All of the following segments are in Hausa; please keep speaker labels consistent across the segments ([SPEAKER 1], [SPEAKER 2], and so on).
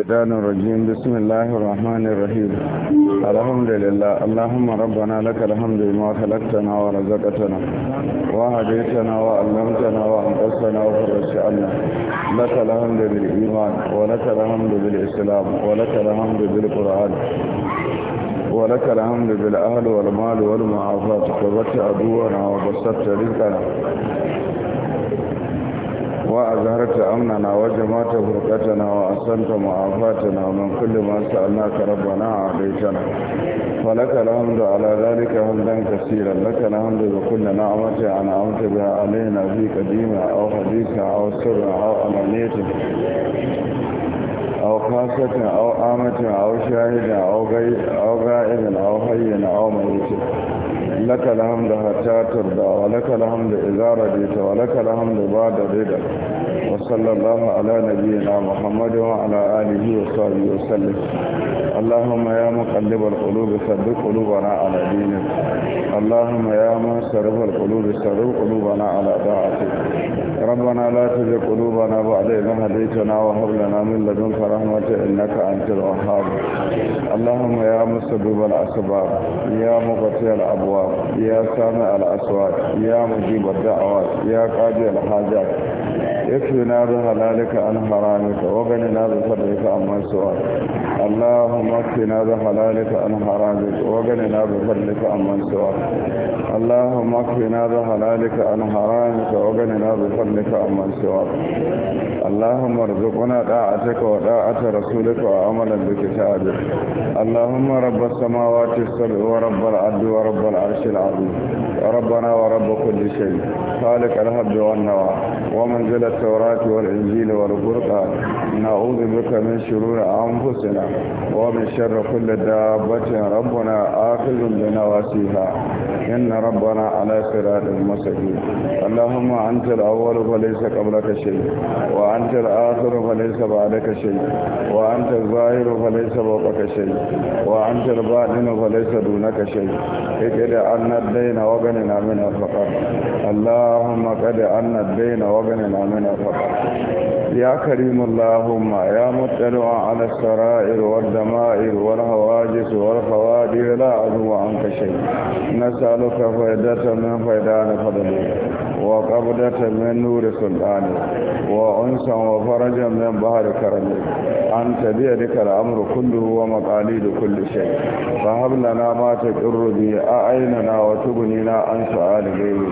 [SPEAKER 1] Bidanin rajin bismillahir Allahun Rahmanin Rahim, Alhamdulillah, Allahumma rabbana laka alhamdulillah ma halaktana wa razaqatana wa hadaitana wa allamtana wa anqasana wa farashi anna. Laka alhamdulillah iman wa laka alhamdulillah islam wa laka alhamdulillah Qur'an. wa laka alhamdu bil ahli wal mali wal mu'afat wa bata aduwana wa basatta rizqana وأظهرت أمننا وجمعت فرقتنا وأحسنت معافاتنا ومن كل ما سألناك ربنا أعطيتنا فلك الحمد على ذلك حمدا كثيرا لك الحمد بكل نعمة أنعمت بها علينا في قديمة أو حديثة أو سر أو أمانية أو خاصة أو آمة أو شاهد أو غائب أو حي أو ميت لك الحمد حتى ترضى ولك الحمد إذا رجيت ولك الحمد بعد رضا وصلى الله على نبينا محمد وعلى آله وصحبه وسلم اللهم يا مقلب القلوب ثبت قلوبنا على دينك اللهم يا منصرف القلوب صرف قلوبنا على طاعتك ربنا لا تزغ قلوبنا بعد إذ هديتنا وهب لنا من لدنك رحمة إنك أنت الوهاب اللهم يا مسبب الأسباب يا مغفر الأبواب ya sami al'aswat ya mujibar da'awat ya kaji alhajat ya fi na zo halalika an haramika wa gani na zo sadaka amma suwa allahumma na zo halalika an haramika wa gani na zo sadaka amma suwa allahumma fi na zo halalika an haramika wa gani na zo sadaka amma suwa allahumma rzuqna da'atuka wa da'ata rasulika wa amalan bi kitab allahumma rabbas samawati sab wa rabbal ardi wa rabbal arshil azim ربنا ورب كل شيء خالق الهب والنوى ومن أنزل التوراة والإنجيل والقرآن نعوذ بك من شرور أنفسنا ومن شر كل دابة ربنا آخذ بنواسيها إن ربنا على صراط المستقيم اللهم أنت الأول فليس قبلك شيء وأنت الآخر فليس بعدك شيء وأنت الظاهر فليس فوقك شيء وأنت الباطن فليس دونك شيء اجعل عنا الدين وغننا من الفقر اللهم قد عنا الدين وغننا إمامنا وبركاته يا كريم اللهم يا مطلع على السرائر والدمائر والهواجس والخوادر لا أدو عنك شيء نسألك فائدة من فيدان فضلك وقبضة من نور سلطانه وأنسا وفرجا من بحر كرمه أنت بيدك الأمر كله ومقاليد كل شيء فهب لنا ما تقر به أعيننا وتغنينا عن سؤال غيره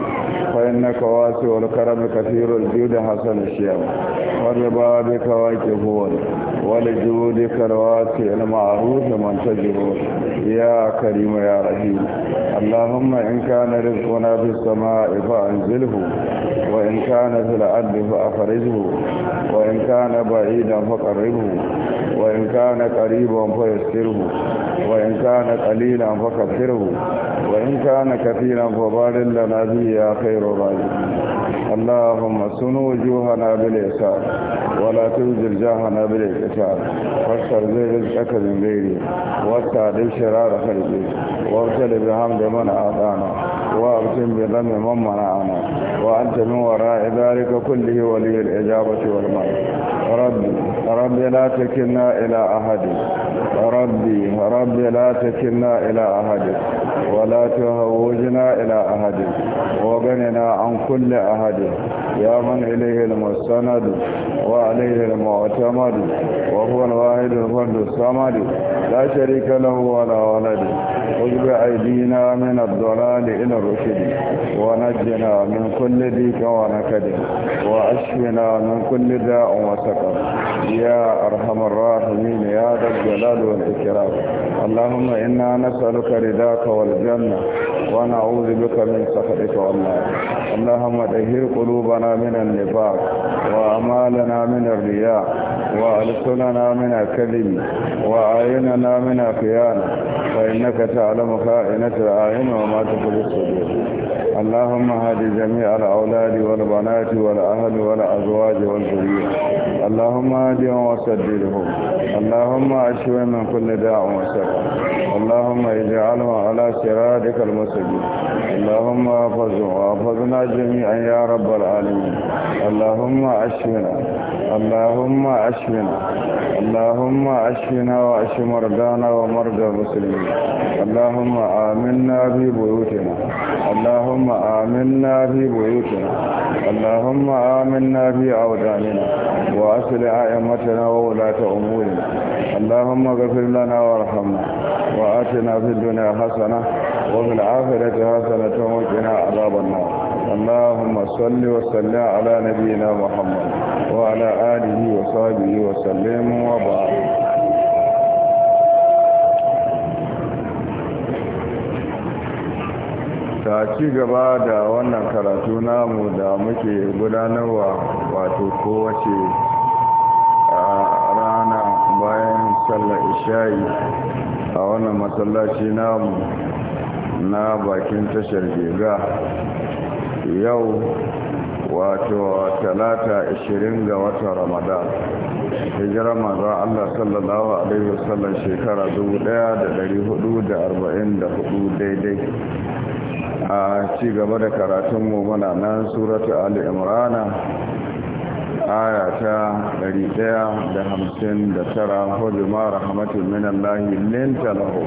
[SPEAKER 1] فإنك واسع الكرم كثير الجود حسن الشيم ولبابك واكفون ولجودك الواسع المعروف منتجرون يا كريم يا رحيم اللهم إن كان رزقنا في السماء فأنزله وإن كان في العدل فأخرجه وإن كان بعيدا فقربه وإن كان قريبا فيسكره وإن كان قليلا فكفره وإن كان كثيرا فبارك لنا به يا خير الرجل اللهم سنو وجوهنا بالإحسان ولا تنزل جاهنا بالإكتاب فاشتر زي رزقك من غيري واسع شرار خلقي وارسل بحمد من أعطانا وارسل بذنب من منعنا وأنت من وراء ذلك كله ولي الإجابة والمعنى ربي ربي لا تكلنا إلى أحد ربي ربي لا تكلنا إلى أحد ولا تهوجنا إلى أحد وغننا عن كل أحد يا من إليه المستند وعليه المعتمد وهو الواحد الفرد الصمد لا شريك له ولا ولد خذ بأيدينا من الضلال إلى الرشد ونجنا من كل ضيق ونكد واشفنا من كل داء وسقم يا ارحم الراحمين يا ذا الجلال والاكرام اللهم انا نسالك رضاك والجنه ونعوذ بك من سخطك والنار اللهم طهر قلوبنا من النفاق واعمالنا من الرياء وألسننا من كذب وأعيننا من خيانة فإنك تعلم خائنة الأعين وما تخفي الصدور اللهم هدي جميع الأولاد والبنات والأهل والأزواج والذرية اللهم هديهم وسددهم اللهم أشفهم من كل داع وسقم اللهم اجعلهم على صراطك المستقيم اللهم احفظهم واحفظنا جميعا يا رب العالمين اللهم أشفنا اللهم أشفنا اللهم أشفنا وأشف مرضانا ومرضى المسلمين اللهم آمنا في بيوتنا اللهم آمنا في بيوتنا اللهم آمنا في أوداننا وأصلح أئمتنا وولاة أمورنا اللهم اغفر لنا وارحمنا وآتنا في الدنيا حسنة وفي الآخرة حسنة وقنا عذاب النار اللهم صل وسلم على نبينا محمد وعلى آله وصحبه وسلم وبعد ta ci gaba da wannan karatu namu da muke gudanarwa wato kowace rana bayan sallar isha'i a wannan matsalashi namu na bakin tashar gega yau wato talata 20 ga wata ramadan hijirar za allah sallallahu alaihi wasallam shekara 1444 daidai a ci gaba da karatunmu muna nan suratu ali imrana aya ta 159 hujjuma rahmatin minallahi linta lintalahu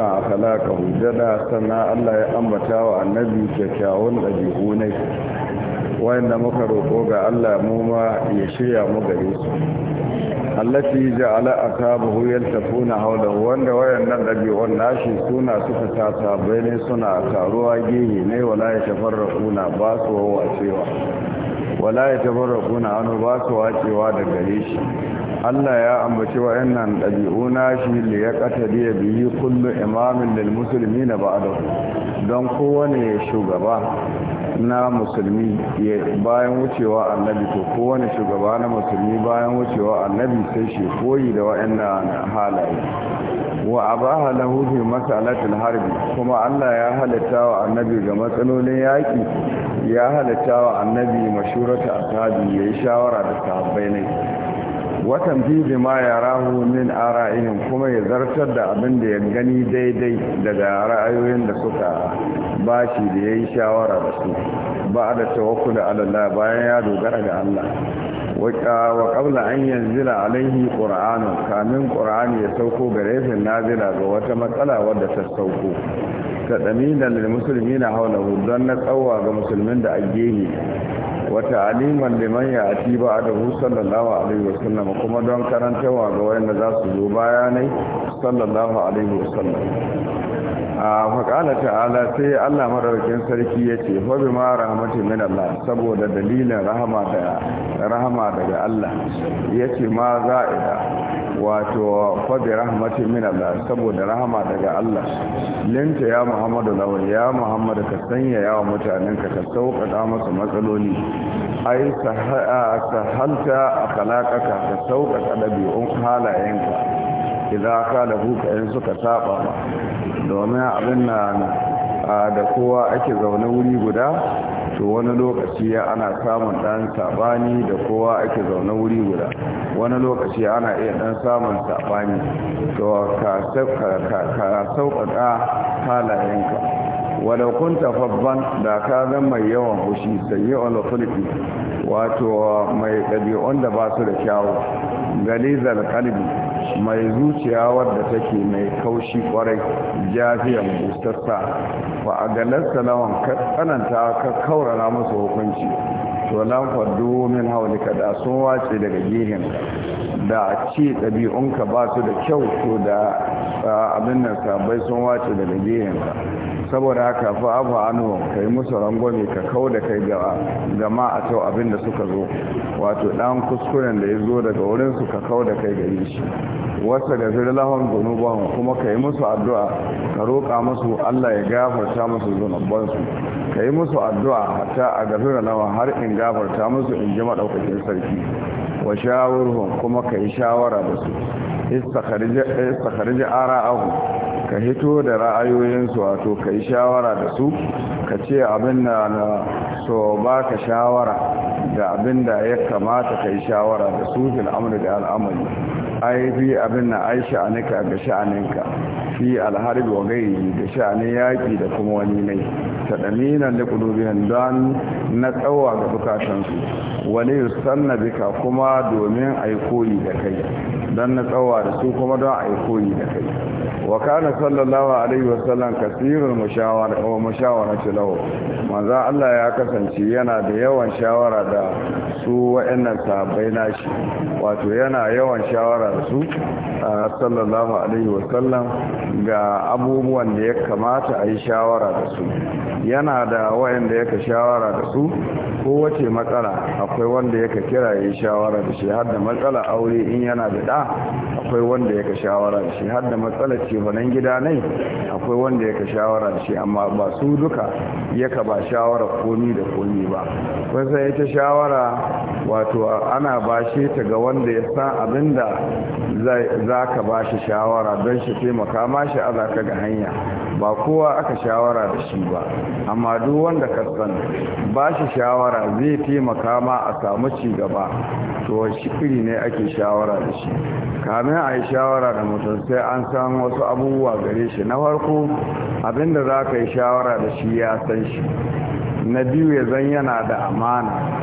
[SPEAKER 1] Allah a halaka hujjada sannan Allah ya ambata wa annabi kyakkyawan ɗabi'u ne da muka roƙo ga Allah mu ma ya shirya mu gare su allati ja'ala asabahu yaltafuna hawla wanda wayan nan ɗabi'un nashi suna suka ta sabai ne suna taruwa gehe ne wala ya tafarraquna ba su wa cewa wala ya tabarrakuna anu ba su wacewa da gare shi Allah ya ambaci wa'annan ɗabi'u shi da ya qatadi bihi kullum imamin lil muslimina ba'dahu don kowane shugaba na musulmi bayan wucewa annabi to kowane shugaba na musulmi bayan wucewa annabi sai shi koyi da wa'annan halaye wa abaha lahu fi mas'alatil harbi kuma Allah ya halatta wa annabi ga matsalolin yaki ya halatta wa annabi mashurata ashabi yayi shawara da sahabbai ne watan fi ma yarahu min ara'ihim kuma ya zartar da abin da ya gani daidai daga ra'ayoyin da suka bashi da yayi shawara da su ba da tawakkul ala Allah bayan ya dogara ga Allah wa qabla an yanzila alaihi qur'anun kamin qur'ani ya sauko gare shi nazila ga wata matsala wadda ta sauko ta damilan lil muslimina hawlahu don na tsawa ga musulmin da agehi wa ta'aliman liman ya'ti ba'dahu sallallahu alaihi wasallam kuma don karantawa ga wayanda za su zo ne sallallahu alaihi sallam. faƙala ta'ala sai Allah madaukakin sarki ya ce fa bi ma rahmatin min Allah saboda dalilin rahama da rahama daga Allah ya ce ma za'ida wato fa bi rahmatin min Allah saboda rahama daga Allah linta ya Muhammadu lawa ya Muhammadu ka sanya yawa mutanen ka ka sauƙaƙa masa matsaloli ai sahalta akhlaqaka ka sauƙaƙa dabi'un halayenka idan ka da kuka yin suka saba ba domin abin na da kowa ake zaune wuri guda to wani lokaci ana samun dan sabani da kowa ake zaune wuri guda wani lokaci ana iya dan samun sabani to ka sauƙaƙa halayenka wadda kun tafabban da ka zama yawan hushi sayi olafulki wato mai ɗabi'un da ba su da kyawu galizar kalbi mai zuciya wadda take mai kaushi kwarai jafiyan bustarsa ba a galar salawan ka tsananta ka kaurara musu hukunci to nan faddu min haulika da sun wace daga gihin da ce ɗabi'unka ba su da kyau to da abin nan sabai sun wace daga gihinka saboda haka fa abu anu kai musu rangwame ka kau da kai gama a tau abin da suka zo wato dan kuskuren da ya zo daga wurin su ka kau da kai gare shi wasa ga firlahun zunuban kuma ka yi musu addu'a ka roka musu allah ya gafarta musu zunubansu ka yi musu addu'a hatta a gafira nawa har in gafarta musu in ji maɗaukakin sarki wa shawarhun kuma ka yi shawara da su istakharij ara'ahu ka hito da ra'ayoyinsu wato kai shawara da su ka ce abin da na so ba ka shawara da abin da ya kamata kai shawara da su fil amri da al'amali ai fi abin na ai sha'aninka ga sha'aninka fi alharbi wa gairi da sha'anin yaƙi da kuma wani mai ta ɗaminan da ƙudubiyan don na tsawa ga bukatansu wani yusanna bika kuma domin a yi koyi da kai don na tsawa da su kuma don a yi koyi da kai wa kana sallallahu alaihi wasallam kasirin mushawara ce lawo manzo allah ya kasance yana da yawan shawara da su wa'annan sahabbai nashi wato yana yawan shawara shawara sallallahu alaihi wasallam ga abubuwan da ya kamata a yi shawara da su yana da wayanda yaka shawara da su ko wace matsala akwai wanda yaka kira ya yi shawara da shi har da matsala aure in yana da da akwai wanda yaka shawara da shi har da matsalar cefanen gida ne akwai wanda yaka shawara da shi amma ba su duka yaka ba shawara komi da komi ba wasa ita shawara wato ana bashe ta ga wanda ya san abinda za ka ba shi shawara don shi taimaka ma shi zaka ga hanya ba kowa aka shawara da shi ba amma duk wanda ka san ba shi shawara zai taimaka ma a samu ci gaba to shi ne ake shawara da shi kamin a yi shawara da mutum sai an san wasu abubuwa gare shi na farko abinda za ka yi shawara da shi ya san shi na biyu ya zan yana da amana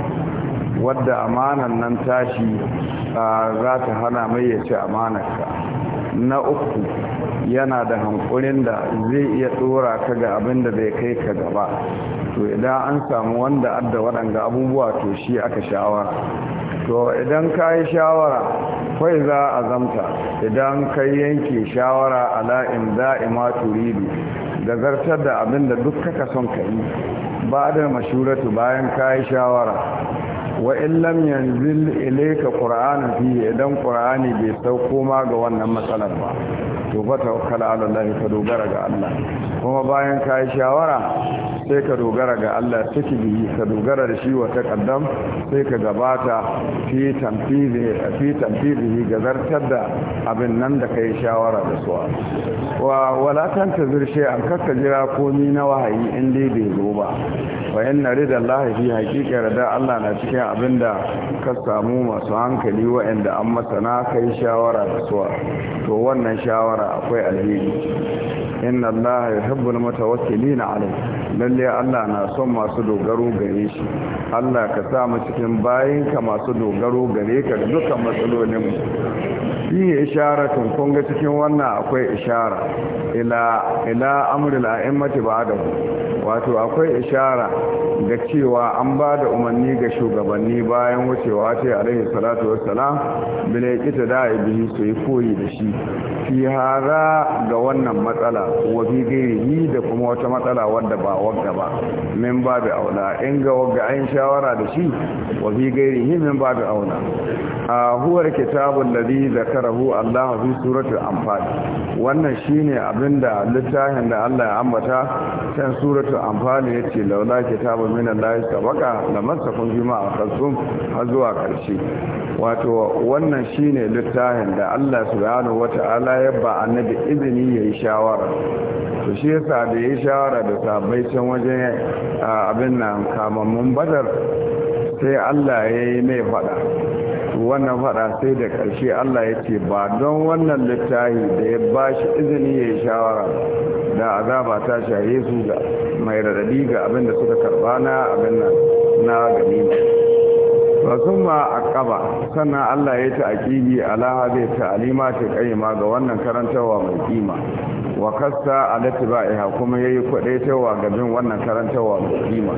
[SPEAKER 1] wadda amanan nan tashi za ta hana mai ya ci amanarka na uku yana da hankulin da zai iya tsora ka ga abin da zai kai ka gaba to idan an samu wanda adda waɗanda abubuwa to shi aka shawara to idan ka yi shawara kwai za a zamta idan ka yanke shawara ala'in in za'ima turidu da zartar da abin da duk kaka son ka yi ba da mashuratu bayan ka yi shawara wa illam yanzil ilayka qur'anan fi idan qur'ani bai sauko ma ga wannan matsalar ba to fa tawakkal ala Allah ka dogara ga Allah kuma bayan ka yi shawara sai ka dogara ga Allah take bi ka dogara da shi wa taqaddam sai ka gabata fi tanfizi fi tanfizi ga zartar da abin nan da yi shawara da su wa wala tantazir shay'an kasa jira komi na wahayi in dai bai zo ba wa yanna rida Allah hakikar da Allah na cikin abinda ka samu masu hankali waɗanda an masana kai shawara da suwa to wannan shawara akwai alheri inna mata wakili na alai lalle Allah na son masu dogaro gare shi Allah ka sa mu cikin ka masu dogaro gare ka da dukkan matsalolin fiye isharatun kun ga cikin wannan akwai ishara ila amuril a'immati ba da wato akwai ishara ga cewa an ba da umarni ga shugabanni bayan wucewa ce a alaihi salatu wassalam bile kita da ibi su yi koyi da shi fi hara ga wannan matsala wafi gairi. yi da kuma wata matsala wadda ba wagga ba min ba da auna. in ga wadda an shawara da shi wafi gairi, yi min ba da auna. a huwar kitabun da zakarahu Allah fi suratul amfani. wannan shine abinda littafin da Allah ya ambata can suratul ya ce laula kitabun azabun min Allah sabaka lamassakum a kasu har zuwa karshe wato wannan shine littafin da Allah subhanahu wata'ala ya ba annabi izini ya yi shawara to shi yasa da yi shawara da sabai can wajen abin nan kamammun badar sai Allah ya yi mai fada wannan fada sai da karshe Allah ya ce ba don wannan littafi da ya ba shi izini ya yi shawara da azaba ta shaye su ga mai radadi ga abin da suka karba kawowa na abin nan na ganima sun ma a kaba sannan allah ya ta aƙibi alaha zai ta alima ta ga wannan karantarwa mai ƙima wa kasta ala tibaiha kuma yayi kwadaitawa ga bin wannan karantawa muslima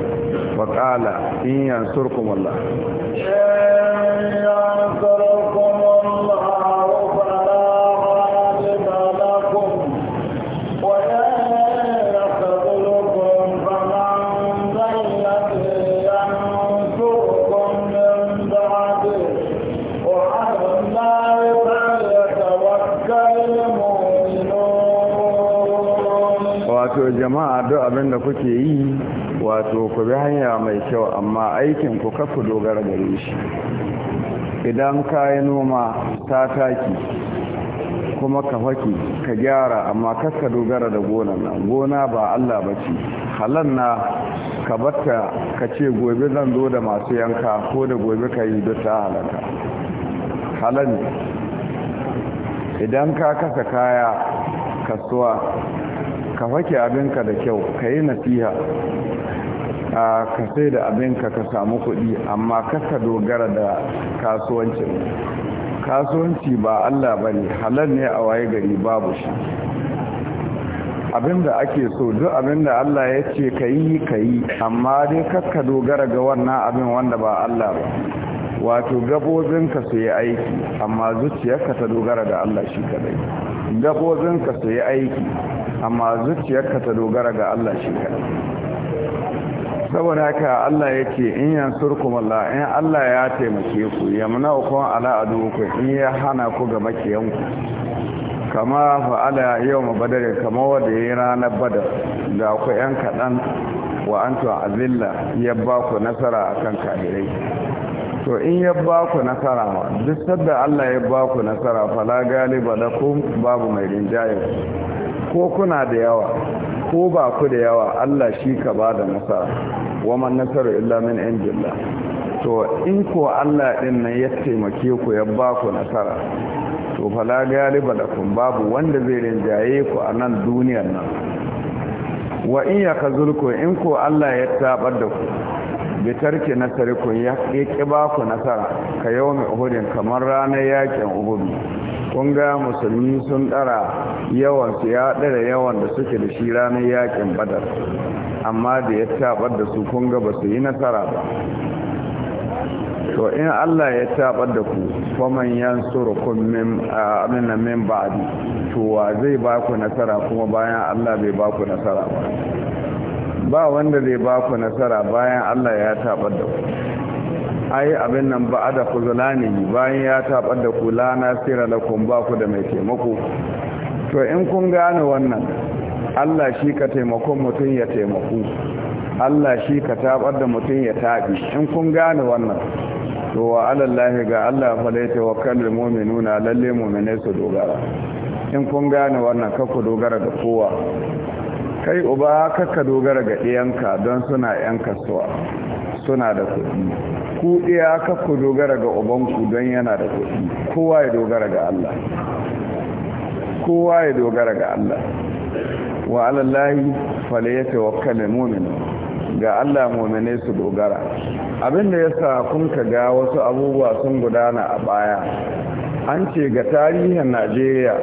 [SPEAKER 1] wa qala in yansurkum Allah yansurkum Allah kuke yi wato ku bi hanya mai kyau amma aikin ku kaku dogara gare shi idan ka yi noma ta taki kuma ka faki ka gyara amma kaka dogara da gona nan gona ba Allah ba ce halan na ka batta ka ce gobe zan zo da masu yanka ko da gobe ka yi duk ta halaka halan idan ka kasa kaya kasuwa ka fake abinka da kyau ka yi nasiha a ka sai da abinka ka samu kuɗi amma kaka dogara da kasuwancin kasuwanci ba allah ba ne halar ne a waye gari babu shi abinda ake so duk abinda allah ya ce ka yi ka yi amma dai kaka dogara ga wannan abin wanda ba allah ba wato gabobinka su yi aiki amma zuciyarka ta dogara da Allah shi kadai gabobinka su yi aiki amma zuciyarka ta dogara ga Allah shi kaɗai saboda haka Allah ya ce in surku malla in Allah ya taimake ku yamna ukun ala aduku in ya hana ku ga ku kama ala yawm badar kama wanda yayi ranar badar da ku yan kaɗan wa antu azilla ya ba ku nasara akan kafirai to in ya ba ku nasara duk sadda Allah ya ba ku nasara fala galiba lakum babu mai rinjaye ko kuna da yawa ko ba ku da yawa Allah shi ka ba da nasara wa man nasaru illa min indillah to in ko Allah din nan ya taimake ku ya ba ku nasara to fala galiba da kun babu wanda zai rinjaye ku a nan duniyar nan wa in ya kazulku in ko Allah ya tabar da ku bi tarki nasarikum ya ki ba ku nasara ka mai uhudin kamar ranar yakin uhud kun ga musulmi sun dara yawan su ya dara yawan da suke da shi ranar yakin badar amma da ya tabar da su kun ga ba su yi nasara ba to in Allah ya tabar da ku faman yansurukum min amina min ba'di to wa zai ba ku nasara kuma bayan Allah bai ba ku nasara ba ba wanda zai ba ku nasara bayan Allah ya tabar da ku ai abin nan ba da kuzulani bayan ya tabar da kula na sira kun ba ku da mai taimako to in kun gane wannan Allah shi ka taimakon mutum ya taimako. Allah shi ka tabar da mutum ya tabi in kun gane wannan to wa alallahi ga Allah fa lai tawakkalul mu'minuna lalle mu'mine su dogara in kun gane wannan ka ku dogara da kowa kai uba ka dogara ga iyanka don suna 'yan kasuwa suna da kuɗi ku ɗaya ka ku dogara ga ubanku don yana da kuɗi kowa ya dogara ga Allah kowa ya dogara ga Allah wa alallahi fale ya tawakkale mumini ga Allah mumini su dogara abinda ya sa kun ka ga wasu abubuwa sun gudana a baya an ce ga tarihin najeriya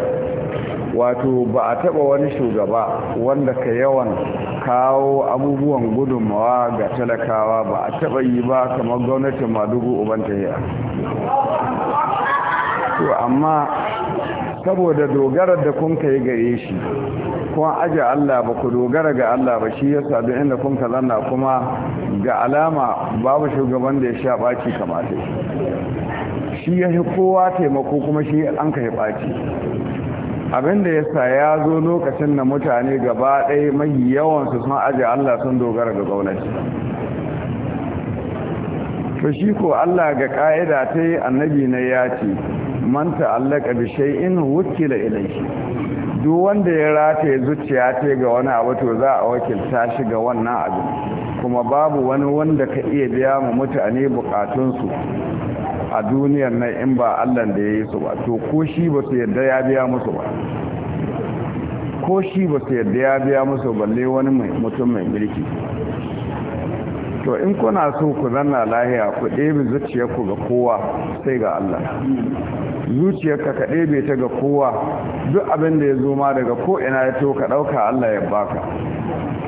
[SPEAKER 1] wato ba a taba wani shugaba wanda ka yawan kawo abubuwan gudunmawa ga talakawa ba a taba yi ba kamar gwamnatin madugu ubantaya to amma saboda dogarar da kun kai gare shi kun aje Allah ba ku dogara ga Allah ba shi yasa da inda kun kalanna kuma ga alama babu shugaban da ya sha baci kamata shi ya kowa taimako kuma shi an ka baci abinda yasa ya zo lokacin da mutane gaba ɗaya mai yawansu sun aje Allah sun dogara ga gwamnati to shi ko Allah ga ka'ida ta yi annabi na ya ce manta allaka bi shay'in wukila shi. duk wanda ya rataye zuciya ta ga wani abu to za a wakilta shi ga wannan abu kuma babu wani wanda ka iya biya mu mutane bukatunsu a duniyar nan in ba allah da ya yi su ba to ko shi ba su yadda ya biya musu ba ko shi ba su yadda ya biya musu balle wani mutum mai mulki to in kuna so ku zanna lahiya ku ɗebe zuciyarku ga kowa sai ga allah zuciyarka ka ɗebe ta ga kowa duk abin da ya zo ma daga ko ina ya to ka ɗauka Allah ya baka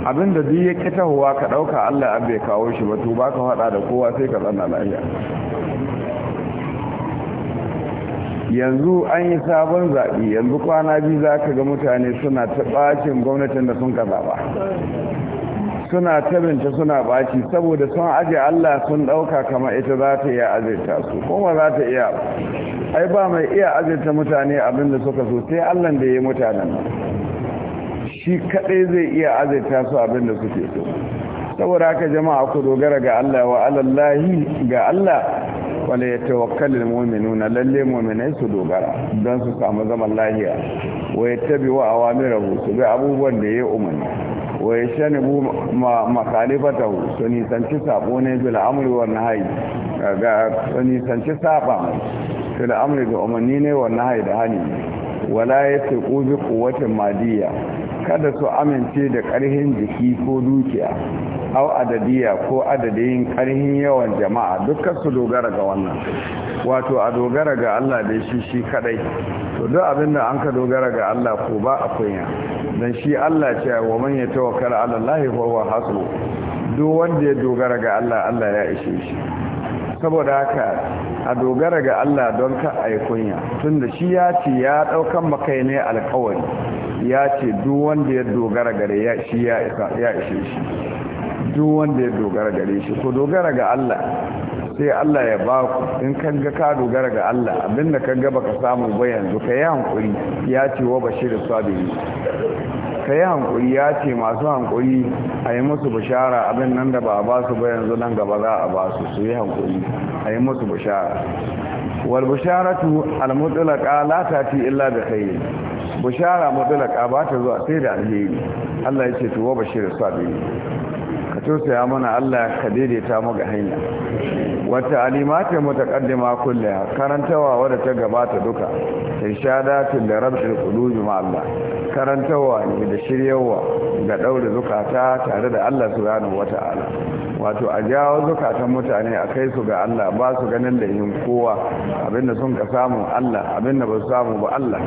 [SPEAKER 1] abin da duk ya ƙi tahowa ka ɗauka Allah ya bai kawo shi ba to ba ka faɗa da kowa sai ka zanna lafiya yanzu an yi sabon zaɓi yanzu kwana biyu za ka ga mutane suna ta ɓacin gwamnatin da sun ka zaɓa suna tabinta suna baci saboda sun aje Allah sun dauka kama ita za ta iya azirta su kuma za ta iya ai ba mai iya azirta mutane abinda suka so sai Allah da ya mutanen shi kadai zai iya azirta su abinda suke so saboda haka jama'a ku dogara ga Allah wa alallahi ga Allah wala yatawakkalul mu'minuna lalle mu'minai su dogara don su samu zaman lahiya wa yattabi'u awamirahu su bi abubuwan da ya umarni wa yashanibu makhalifatahu su nisanci sabo ne bil la'amuri wa nahyi ga su nisanci saba su amri ga umarni ne wa nahyi da hani wala ce bi quwwatin madiyya kada su amince da ƙarhin jiki ko dukiya au adadiya ko adadin ƙarhin yawan jama'a dukkan su dogara ga wannan wato a dogara ga Allah da shi shi kadai to duk abin da an ka dogara ga Allah ko ba a kunya dan shi Allah ce wa man tawakkal ala Allah fa huwa hasbu duk wanda ya dogara ga Allah Allah ya ishe shi saboda haka a dogara ga Allah don ka ai kunya tunda shi ya ce ya daukan makai ne alƙawari ya ce duk wanda ya dogara gare ya shi ya ishe shi duk wanda ya dogara gare shi ko dogara ga Allah sai Allah ya ba ku in kan ga ka dogara ga Allah abinda kan ga baka samu ba yanzu ka yi hankuri ya ce wa bashir sabiri ka yi hankuri ya ce masu hankuri a yi musu bishara abin nan da ba a ba su ba yanzu nan gaba za a ba su su yi hankuri a yi musu bishara wal bisharatu al mutlaqa la tati illa bi khair bishara mutlaqa ba ta zuwa sai da alheri Allah ya ce to wa bashir sabiri ka tausaya mana Allah ka daidaita mu ga hanya wata alimatin mutakaddima kulle karantawa wadda ta gabata duka irshadatul da rabbul qulubi ma Allah karantawa ne da shiryawa ga daure zukata tare da Allah subhanahu wata'ala wato a jawo zukatan mutane a kai su ga Allah ba su ganin da yin kowa abinda sun ka samu Allah abinda ba su samu ba Allah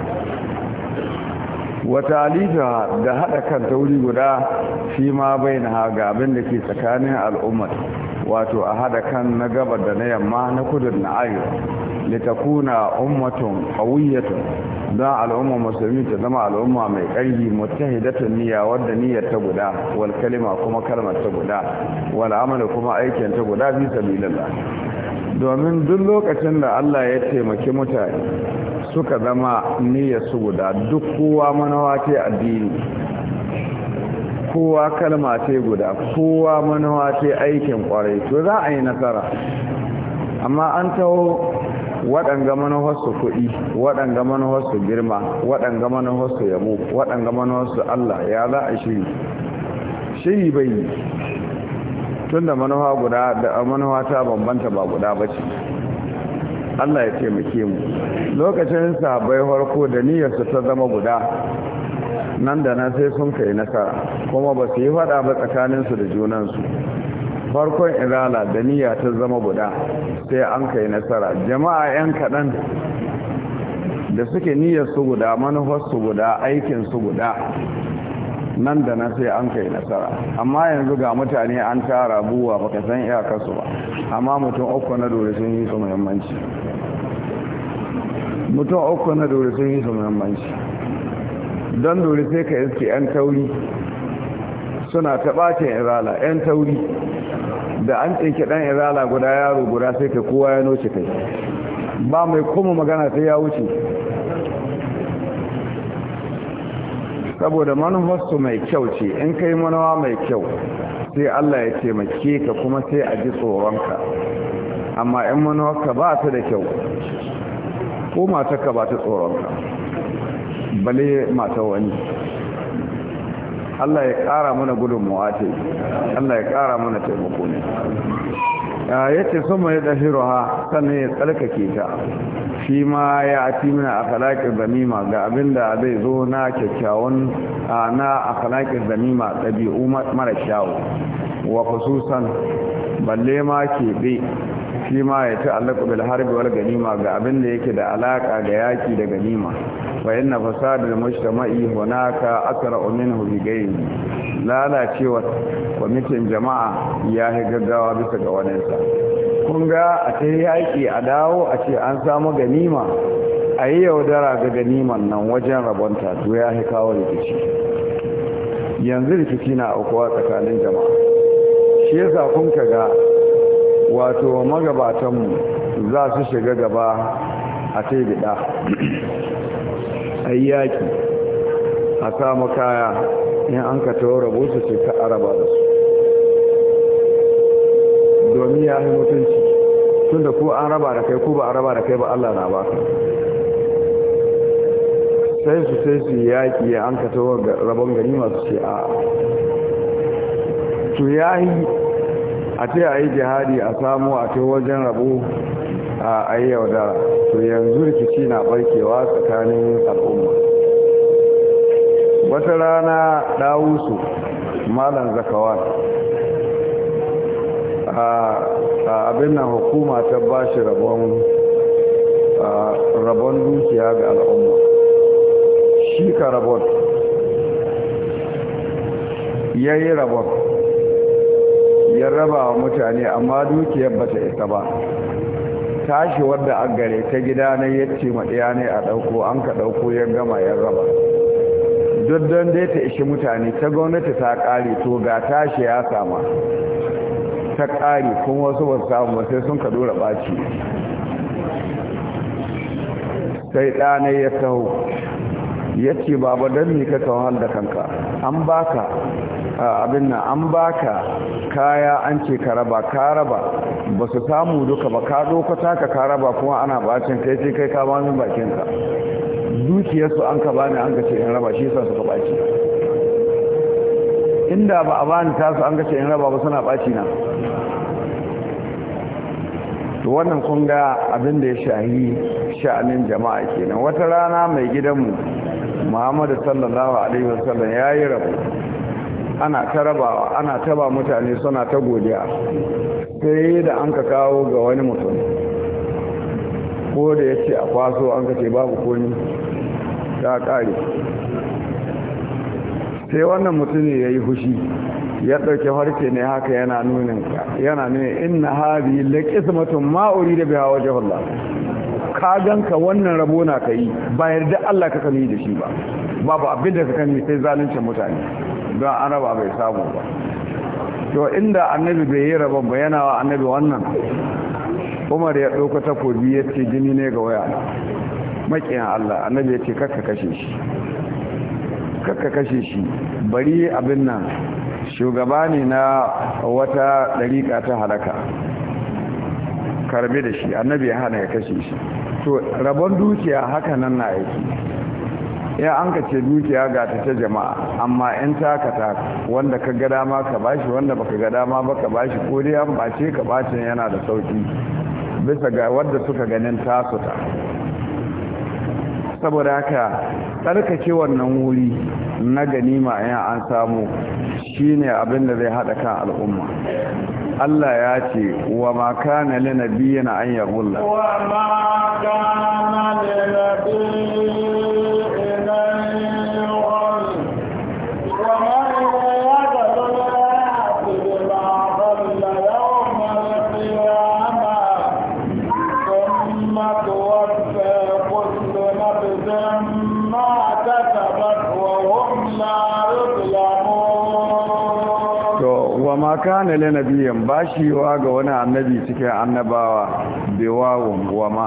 [SPEAKER 1] wata alifa da hada kan tauri guda shi ma bai na abin abinda ke tsakanin al'ummar wato a hada kan na gaba da na yamma na kudur na ayo litakuna ummatun qawiyatan don al'umma musulmi ta zama al'umma mai ƙarfi mutahidatun niyya wadda niyyar ta guda wal kalima kuma kalmar ta guda wal kuma aikin ta guda bi sabilillah domin duk lokacin da Allah ya taimaki mutane suka zama niyyar su guda duk kowa manawa ce addini kowa kalma ce guda kowa manawa ce aikin kwarai to za a yi nasara amma an taho waɗanga manuwarsu kuɗi waɗanga manuwarsu girma waɗanga manuwarsu yamo, waɗanga manuwarsu allah ya za a shiri shiri bai yi tun da manuwa guda da manuwa ta bambanta ba guda ba ce allah ya taimake mu lokacin sabai harko da niyyarsu ta zama guda nan da nan sai sun kai nasara kuma ba su yi faɗa ba tsakaninsu da junansu farkon irala da niyya ta zama guda sai an kai nasara jama'a 'yan kaɗan da suke niyyarsu guda manufarsu guda aikinsu guda nan da nan sai an kai nasara amma yanzu ga mutane an tara buwa baka san iyakarsu ba amma mutum uku na dole sun yi su muhimmanci mutum uku na dole sun yi su muhimmanci don dole sai ka iske 'yan tauri suna ta ɓacin izala. 'yan tauri da an tsinke ɗan irala guda yaro guda sai ka kowa ya noce kai ba mai kuma magana sai ya wuce saboda manufarsu mai kyau ce in kai manawa mai kyau sai allah ya taimake ka kuma sai a ji tsoronka amma 'yan manawarka ba ta da kyau ko mataka ba ta tsoronka bale mata wani Allah ya ƙara mana gudun ce Allah ya ƙara mana taimako ne ya ce sun mai ɗahiru roha sannan ya tsarkake ta shi ma ya ci mina a kalakin zamima ga abin da zai zo na kyakkyawan na a kalakin zamima ɗabi'u mara kyawu wa khususan balle ma keɓe shi ma ya ta'allaqu bil harbi wal ganima ga abin da yake da alaka ga yaki da ganima wa inna fasada al mujtama'i hunaka akra minhu bi ghayri lalacewa kwamitin jama'a ya yi gaggawa bisa ga wanansa. kun ga a ta yaki a dawo a ce an samu ganima a yi yaudara ga ganiman nan wajen rabonta to ya yi kawo rikici yanzu rikici na aukuwa tsakanin jama'a shi yasa kun ka wato magabatanmu za su shiga gaba a taibida ayyaki a samu kaya in an ka taurabo su ce ka araba da su domin ya yi mutunci tun da ku an raba da kai ku ba a raba da kai ba allah na ba sai su sai su yaƙi an ka taurabo rabon gani masu ce a ya yi. a ce a yi jihadi a samu a ce wajen rabu a yi yaudara to yanzu rikici na barkewa tsakanin al'umma wata rana dawusu malam Zakawa. a abin nan hukuma ta ba shi rabon dukiya ga al'umma shi ka rabon ya yi rabon ya raba wa mutane amma dukiyar ba ta isa ba tashi wadda a gare ta gida na yace maɗiya ne a ɗauko an ka ɗauko ya gama ya raba duk don dai ta ishi mutane ta gwamnati ta ƙare to ga tashi ya sama ta ƙare kuma wasu ba samu sai sun ka dora ɓaci sai ɗanai ya taho ya ce baba don ne ka kawo da kanka an baka abin nan an baka kaya an ce ka raba ka raba ba su samu duka ba ka dokata ka ka raba kuma ana bacin kai sai kai ka bani bakin ka dukiyarsu an ka bani an ka ce in raba shi su suka baci inda ba a bani tasu an ka ce in raba ba suna baci na to wannan kun ga abin da ya shahi sha'anin jama'a kenan wata rana mai gidanmu muhammadu sallallahu alaihi wasallam ya yi rabu ana ta rabawa ana taba mutane suna ta godiya sai da an ka kawo ga wani mutum ko da ya ce a kwaso an ka ce babu koni, ta kare sai wannan mutum ya yi hushi ya ɗauki harke ne haka yana nunin yana nunin inna hari la qismatun ma urida biha wajhu Allah ka ganka wannan rabo na kai ba yarda Allah ka kani da shi ba babu abin da ka kani sai zaluncin mutane don an raba bai samu ba to inda annabi bai yi rabon ba yana wa annabi wannan umar ya ɗauka takobi ya ce jini ne ga waya makiyan allah annabi ya ce kakka kashe shi kashe shi bari abin nan shugaba ne na wata ɗariƙa ta halaka karbe da shi annabi ya hana ya kashe shi to rabon dukiya haka nan na aiki. ya an ka ce dukiya ga ta ta jama'a amma in taka ta wanda ka ga dama ka bashi wanda baka ga dama ba ka bashi ko dai an bace ka bacin yana da sauki bisa ga wanda suka ganin tasu ta saboda haka tsarkake wannan wuri na ganima yan an samu shine abin da zai hada kan al'umma Allah ya ce wa ma kana lin nabiyina an wa ma kana kana la nabiyan wa ga wani annabi cikin annabawa bewawun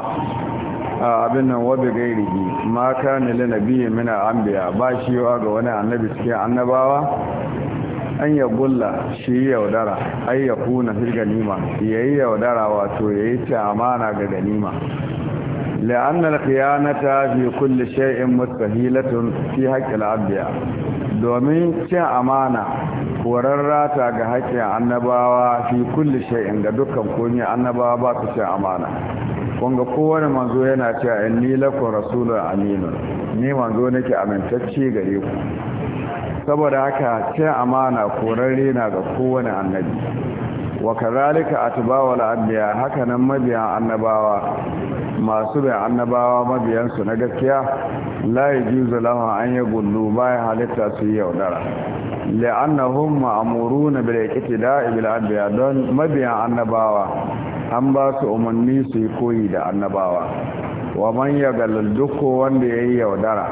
[SPEAKER 1] A abin nan wabi gairihi ma kana la nabiyan min anbiya wa ga wani annabi cikin annabawa an ya gulla shi yaudara ai ya kuna fil ganima yayi yaudara wato yayi ta amana ga ganima لأن الخيانة في كل شيء مستهيلة في حق العبد domin cin amana koran rata ga haƙƙin annabawa fi kulli shay'in da dukkan komai annabawa ba su ce amana kunga kowane manzo yana cewa inni lakum rasulun aminun ni manzo nake amintacce gare ku saboda haka ce amana korarre na ga kowane annabi wa kazalika atba'ul anbiya haka nan mabiyan annabawa masu bin annabawa mabiyansu na gaskiya la yujuzu lahum an yagullu baya halitta su yaudara li'annahum ma'muruna bil iqtida'i bil anbiya don mabiyan annabawa an ba su umarni su koyi da annabawa wa man yagallu duk wanda yayi yaudara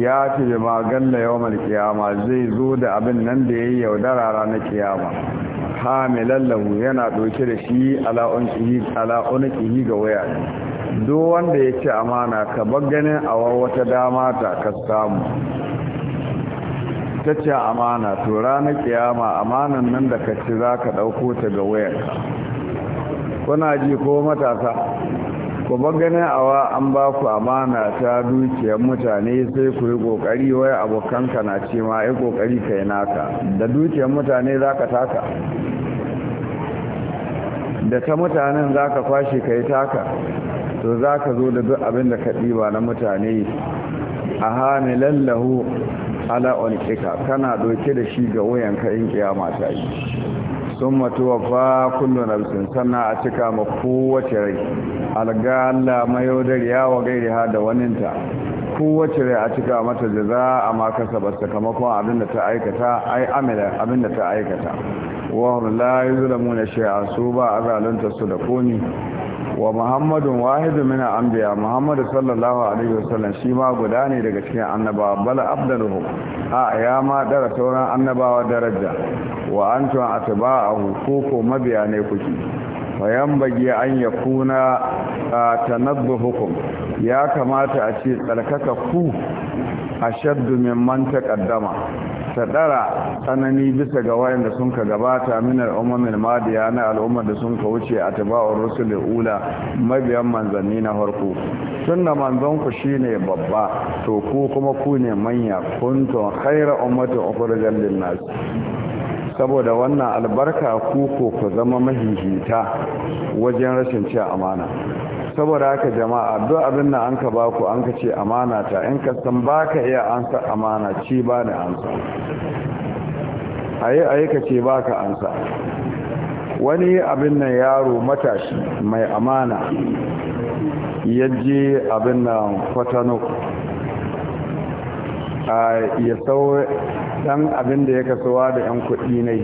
[SPEAKER 1] ya ce bi ma galla zai zo da abin nan da yayi yaudara ranar kiyama hamilan lahu yana doke da shi ala ga waya duk wanda ya ci amana ka bar ganin a wata dama ta ka samu ta ce amana to ranar kiyama amanan nan da ka ci za ka ɗauko ta ga wayarka kuna ji ko matasa ku ba ganin awa an ba ku amana ta dukiyar mutane sai ku yi kokari wai abokanka na ce ma yi kokari kai naka da dukiyar mutane za ka taka da ta mutanen za ka kwashe kai taka to za ka zo da duk abin da ka ɗiba na mutane a hane lallahu ala onikika kana ɗauke da shi ga ka in kiyama ta yi sun matuwa ba kullu nafsin sannan a cika ma kowace rai algalla ya wa ha da waninta kowace rai a cika mata da za a makasa ba sakamakon da ta aikata ai amila da ta aikata wahun layi zulamu na shi'a su ba a zalunta su da komi wa muhammadun wahidu an biya muhammadu sallallahu alaihi wasallam shi ma guda ne daga cikin annabawa bala abdaluhu a ya ma dara sauran annabawa daraja wa antum atba'ahu a hukuku mabiya ne kuki. fayanbage an ya kuna hukum ya kamata a ce tsarkaka ku ashaddu mimman taqaddama ta dara tsanani bisa ga da sun ka gabata min al'ummin madiya na al'ummar da sun ka wuce a taba'ur da ula mabiyan manzanni na farko tunda manzanku ku shine babba to ku kuma ku ne manya kuntum khayra ummatin ukhrijat lin saboda wannan albarka ku ko ku zama mahihita wajen rashin cewa amana saboda haka jama'a duk abin da an ka ba ku an ka ce amana ta in ka san ba ka iya ansa amana ci ba da ansa ayi ayi ka ce ba ka ansa wani abin nan yaro matashi mai amana yaje abin nan kwatano a ya sau dan abin da ya kasuwa da 'yan kuɗi ne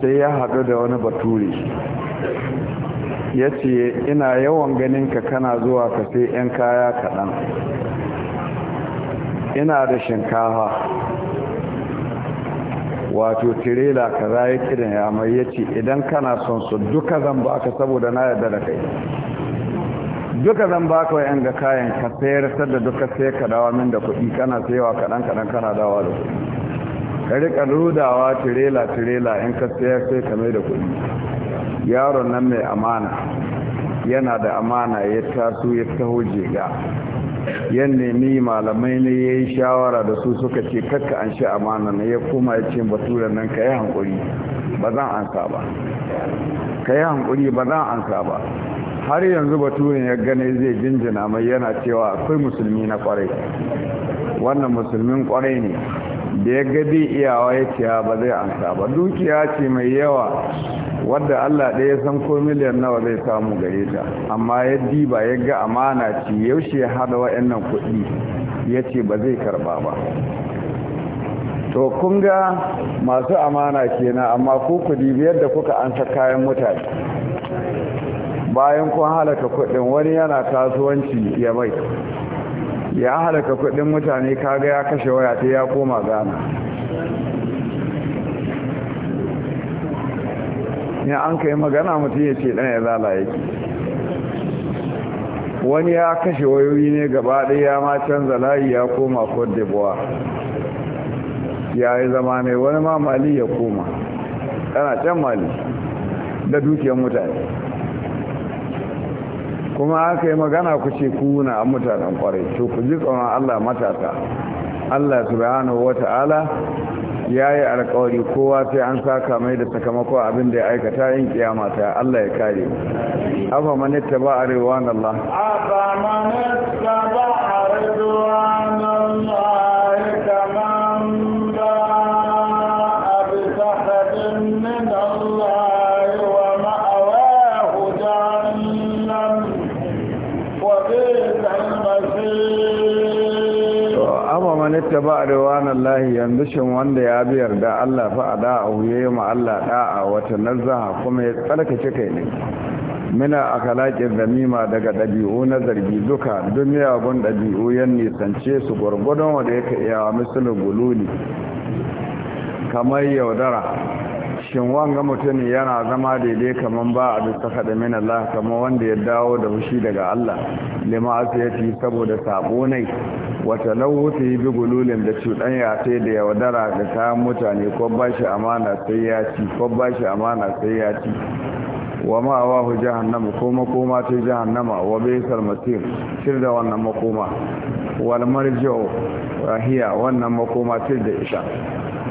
[SPEAKER 1] sai ya haɗu da wani baturi, ya ce ina yawan ganin ka kana zuwa ka sai 'yan kaya kaɗan ina da shinkafa wato tirela ka za ya kiran ya mai ya ce idan kana son su duka zan ba ka saboda na yadda da kai duka zan ba ka yan ga kayan ka sayar da duka sai ka dawa min da kuɗi kana sayawa kaɗan kaɗan kana dawa da kuɗi ka rika rudawa tirela tirela in ka sayar sai ka mai da kuɗi yaron nan mai amana yana da amana ya taso ya taho jega yan nemi malamai ne ya yi shawara da su suka ce kakka an sha amana na ya koma ya ce baturan nan ka yi hankuri ba zan an ba ka yi hankuri ba zan an ba har yanzu baturin ya gane zai jinjina mai yana cewa akwai musulmi na kwarai wannan musulmin kwarai ne da ya gadi iyawa ya ciya ba zai ansa ba dukiya ce mai yawa wadda allah ɗaya san ko miliyan nawa zai samu gare ta amma ya diba ya ga amana ce yaushe ya haɗa wa'annan kuɗi ya ce ba zai karɓa ba to kun ga masu amana kenan amma ku ku biyar da kuka ansa kayan mutane bayan kun halaka kuɗin wani yana kasuwanci ya mai ya halaka kudin mutane kaga ya kashe waya ta ya koma gana ya an kai magana mutum ya ce dan ya lalaye wani ya kashe wayoyi ne gaba ɗaya ma canza layi ya koma cote ya yi zama ne wani ma mali ya koma kana can mali da dukiyar mutane kuma aka yi magana ku ce a mutanen kwarai to ku ji tsoron Allah matasa Allah subhanahu wata'ala ya yi alkawari kowa sai an saka mai da sakamako abin da ya aikata yin kiyama ta Allah ya kare abu manitta ba a rewa Allah abu manitta ba a rewa ta ba riwanan lahi yanzu shin wanda ya bi yarda Allah fa a da'a ya ma Allah da'a wata nazaha kuma ya tsarkace kai ne Muna a zamima daga ɗabi'u na zargi duka don miyagun ɗabi'u yan nisance su gwargwadon wanda ya iyawa misalin guluni kamar yaudara shin wanga mutum yana zama daidai kamar ba a bisa kaɗa min Allah kamar wanda ya dawo da fushi daga Allah lima asiyati saboda sabo nai wata lauwufi bi gululin da ya sai da yaudara ga kayan mutane ko ba shi amana sai ya ci ko ba shi amana sai ya ci wa ma hu jahannama ko makoma ta jahannama wa baisal masir shir da wannan makoma wal marjo rahiya wannan makoma ta da isha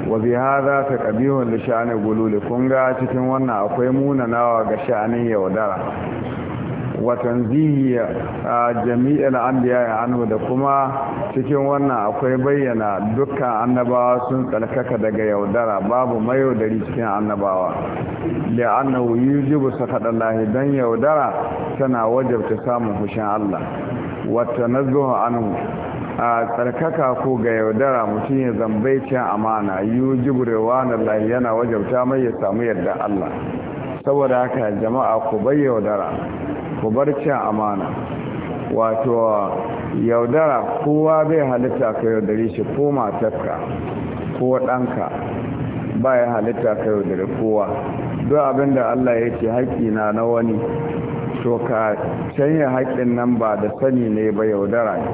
[SPEAKER 1] wa bi ta taqbihun li sha'ani gululi kun ga cikin wannan akwai munanawa ga sha'anin yaudara a jami'in jami'il ya anhu da kuma cikin wannan akwai bayyana dukkan annabawa sun tsarkaka daga yaudara babu mayaudari cikin annabawa annabu jibu su sakadallahi dan yaudara tana wajabta samun hushin Allah Wata tanazzuhu anhu a tsarkaka ko ga yaudara mutum ya zambaicin amana yiwu jibu na yana wajabta mai ya samu yadda Allah saboda haka jama'a ku bai yaudara ku bar cin amana wato yaudara kowa bai halitta ka yaudare shi ko matarka ko ɗanka ba ya halitta ka yaudare kowa duk abinda allah ya ce haƙƙina na wani to ka canya haƙƙin nan ba da sani ne ba yaudara ne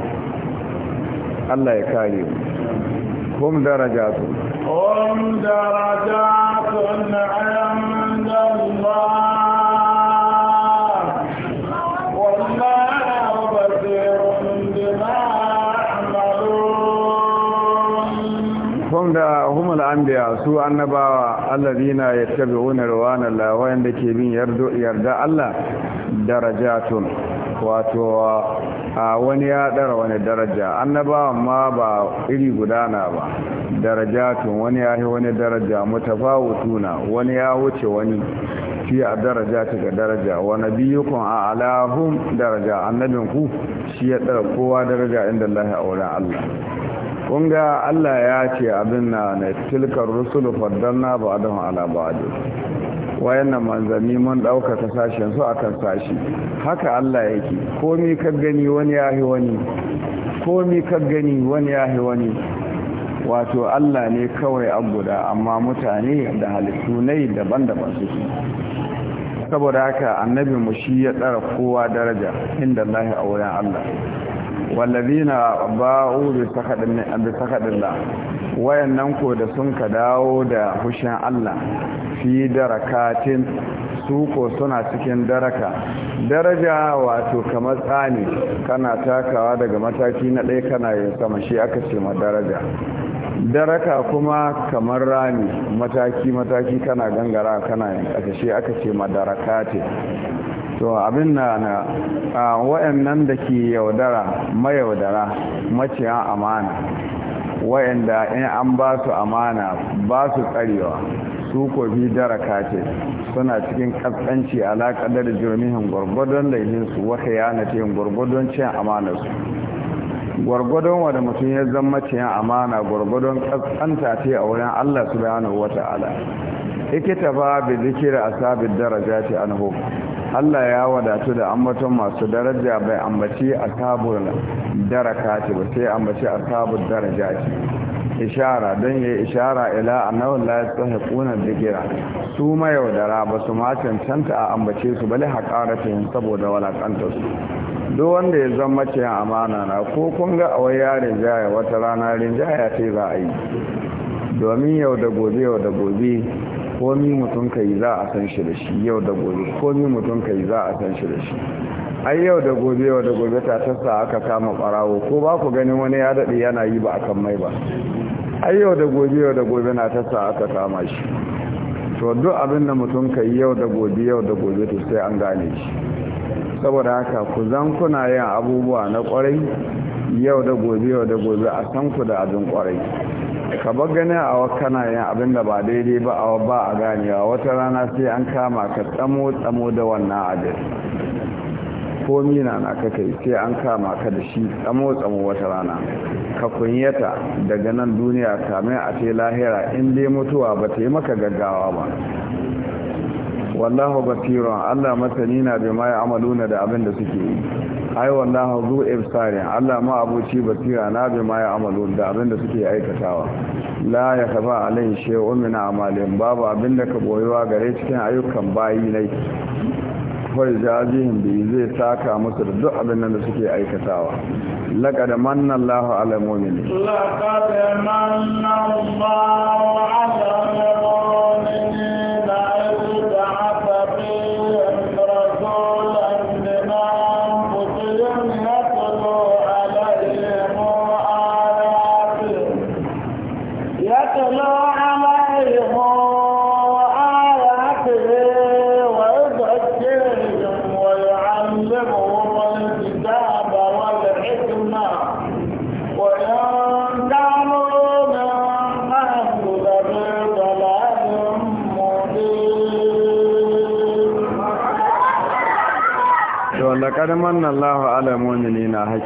[SPEAKER 1] allah ya kare mu kum daraja su
[SPEAKER 2] kum daraja sun ayyam da
[SPEAKER 1] an ya su annabawa allazina yattabi'una rawana lawa wanda ke bin yarda Allah darajatun wato a wani ya dara wani daraja annabawa ma ba iri gudana ba darajatun wani ya yi wani daraja mutafawutuna wani ya wuce wani fi a daraja ta ga daraja wa nabiyukum a alahum daraja annabinku shi ya dara kowa daraja inda Allah ya aure Allah Kunga, Allah ya ce abin na na tilkar rusulu na ba adam ala ba wayannan manzanni mun ɗaukaka sashen su akan sashi haka Allah yake komi ka gani wani hi wani komi ka gani wani ya hi wani wato Allah ne kawai abuda amma mutane da halittu ne daban-daban su saboda haka annabi mu shi ya tsara kowa daraja inda Allah a wurin Allah wallazina ba'u bi sakadin bi sakadillah wayannan ko da sun ka dawo da hushin Allah fi darakatin su ko suna cikin daraka daraja wato kamar tsani kana takawa daga mataki na ɗaya kana yin sama shi aka ce ma daraja daraka kuma kamar rani, mataki mataki kana gangara kana yin ƙasa aka ce ma darakatin to abin na na wa'annan da ke yaudara mayaudara maciyan amana wa'anda in an ba su amana ba su tsarewa su ko bi daraka ce suna cikin kaskanci ala da jirmihin gwargwadon su wata yana gwargwadon cin amanarsu gwargwadon wanda mutum ya zama maciyan amana gwargwadon kaskanta ce a wurin allah subhanahu wata'ala ikita ba bi zikira ce darajati anhum Allah ya wadatu da ambaton masu daraja bai ambaci a tabur daraka ce ba sai ambaci a tabur daraja ce ishara don ya ishara ila annahu la yastahiquna digira. su mayaudara ba su ma cancanta a ambace su bale haƙaratin saboda walakanta su duk wanda ya zama ce amana na ko kun ga awai yarin wata rana rinjaya ce za a yi domin yau da gobe yau da gobe komi mutum ka yi za a san shi da shi yau da gobe komi mutum ka yi za a san shi da shi ai yau da gobe yau da gobe ta tasa aka kama barawo ko ba ku ganin wani ya daɗe yana yi ba a kan mai ba ai yau da gobe yau da gobe na tasa aka kama shi to duk abin da mutum ka yi yau da gobe yau da gobe to sai an gane shi saboda haka ku zan kuna yin abubuwa na kwarai yau da gobe yau da gobe a san ku da abin kwarai ka bar gani a wakana yin abin da ba daidai ba a ba a ganewa wata rana sai an kama ka tsamo tsamo da wannan abin ko mina na ka kai sai an kama ka da shi tsamo tsamo wata rana ka kunyata daga nan duniya kamin a ce lahira in dai mutuwa ba ta yi maka gaggawa ba wallahu basirun allah masani na bai ma amaluna da abin da suke yi ai wallahu zu ibsari Allah ma abuci basira na bi ma ya da abin da suke aikatawa la ya kaba alai shay'un min amalin babu abin da ka boyewa gare cikin ayyukan bayi nai kawai jazihin bi zai taka musu da duk abin da suke aikatawa laqad manna Allahu ala mu'minin
[SPEAKER 2] laqad manna Allahu ala mu'minin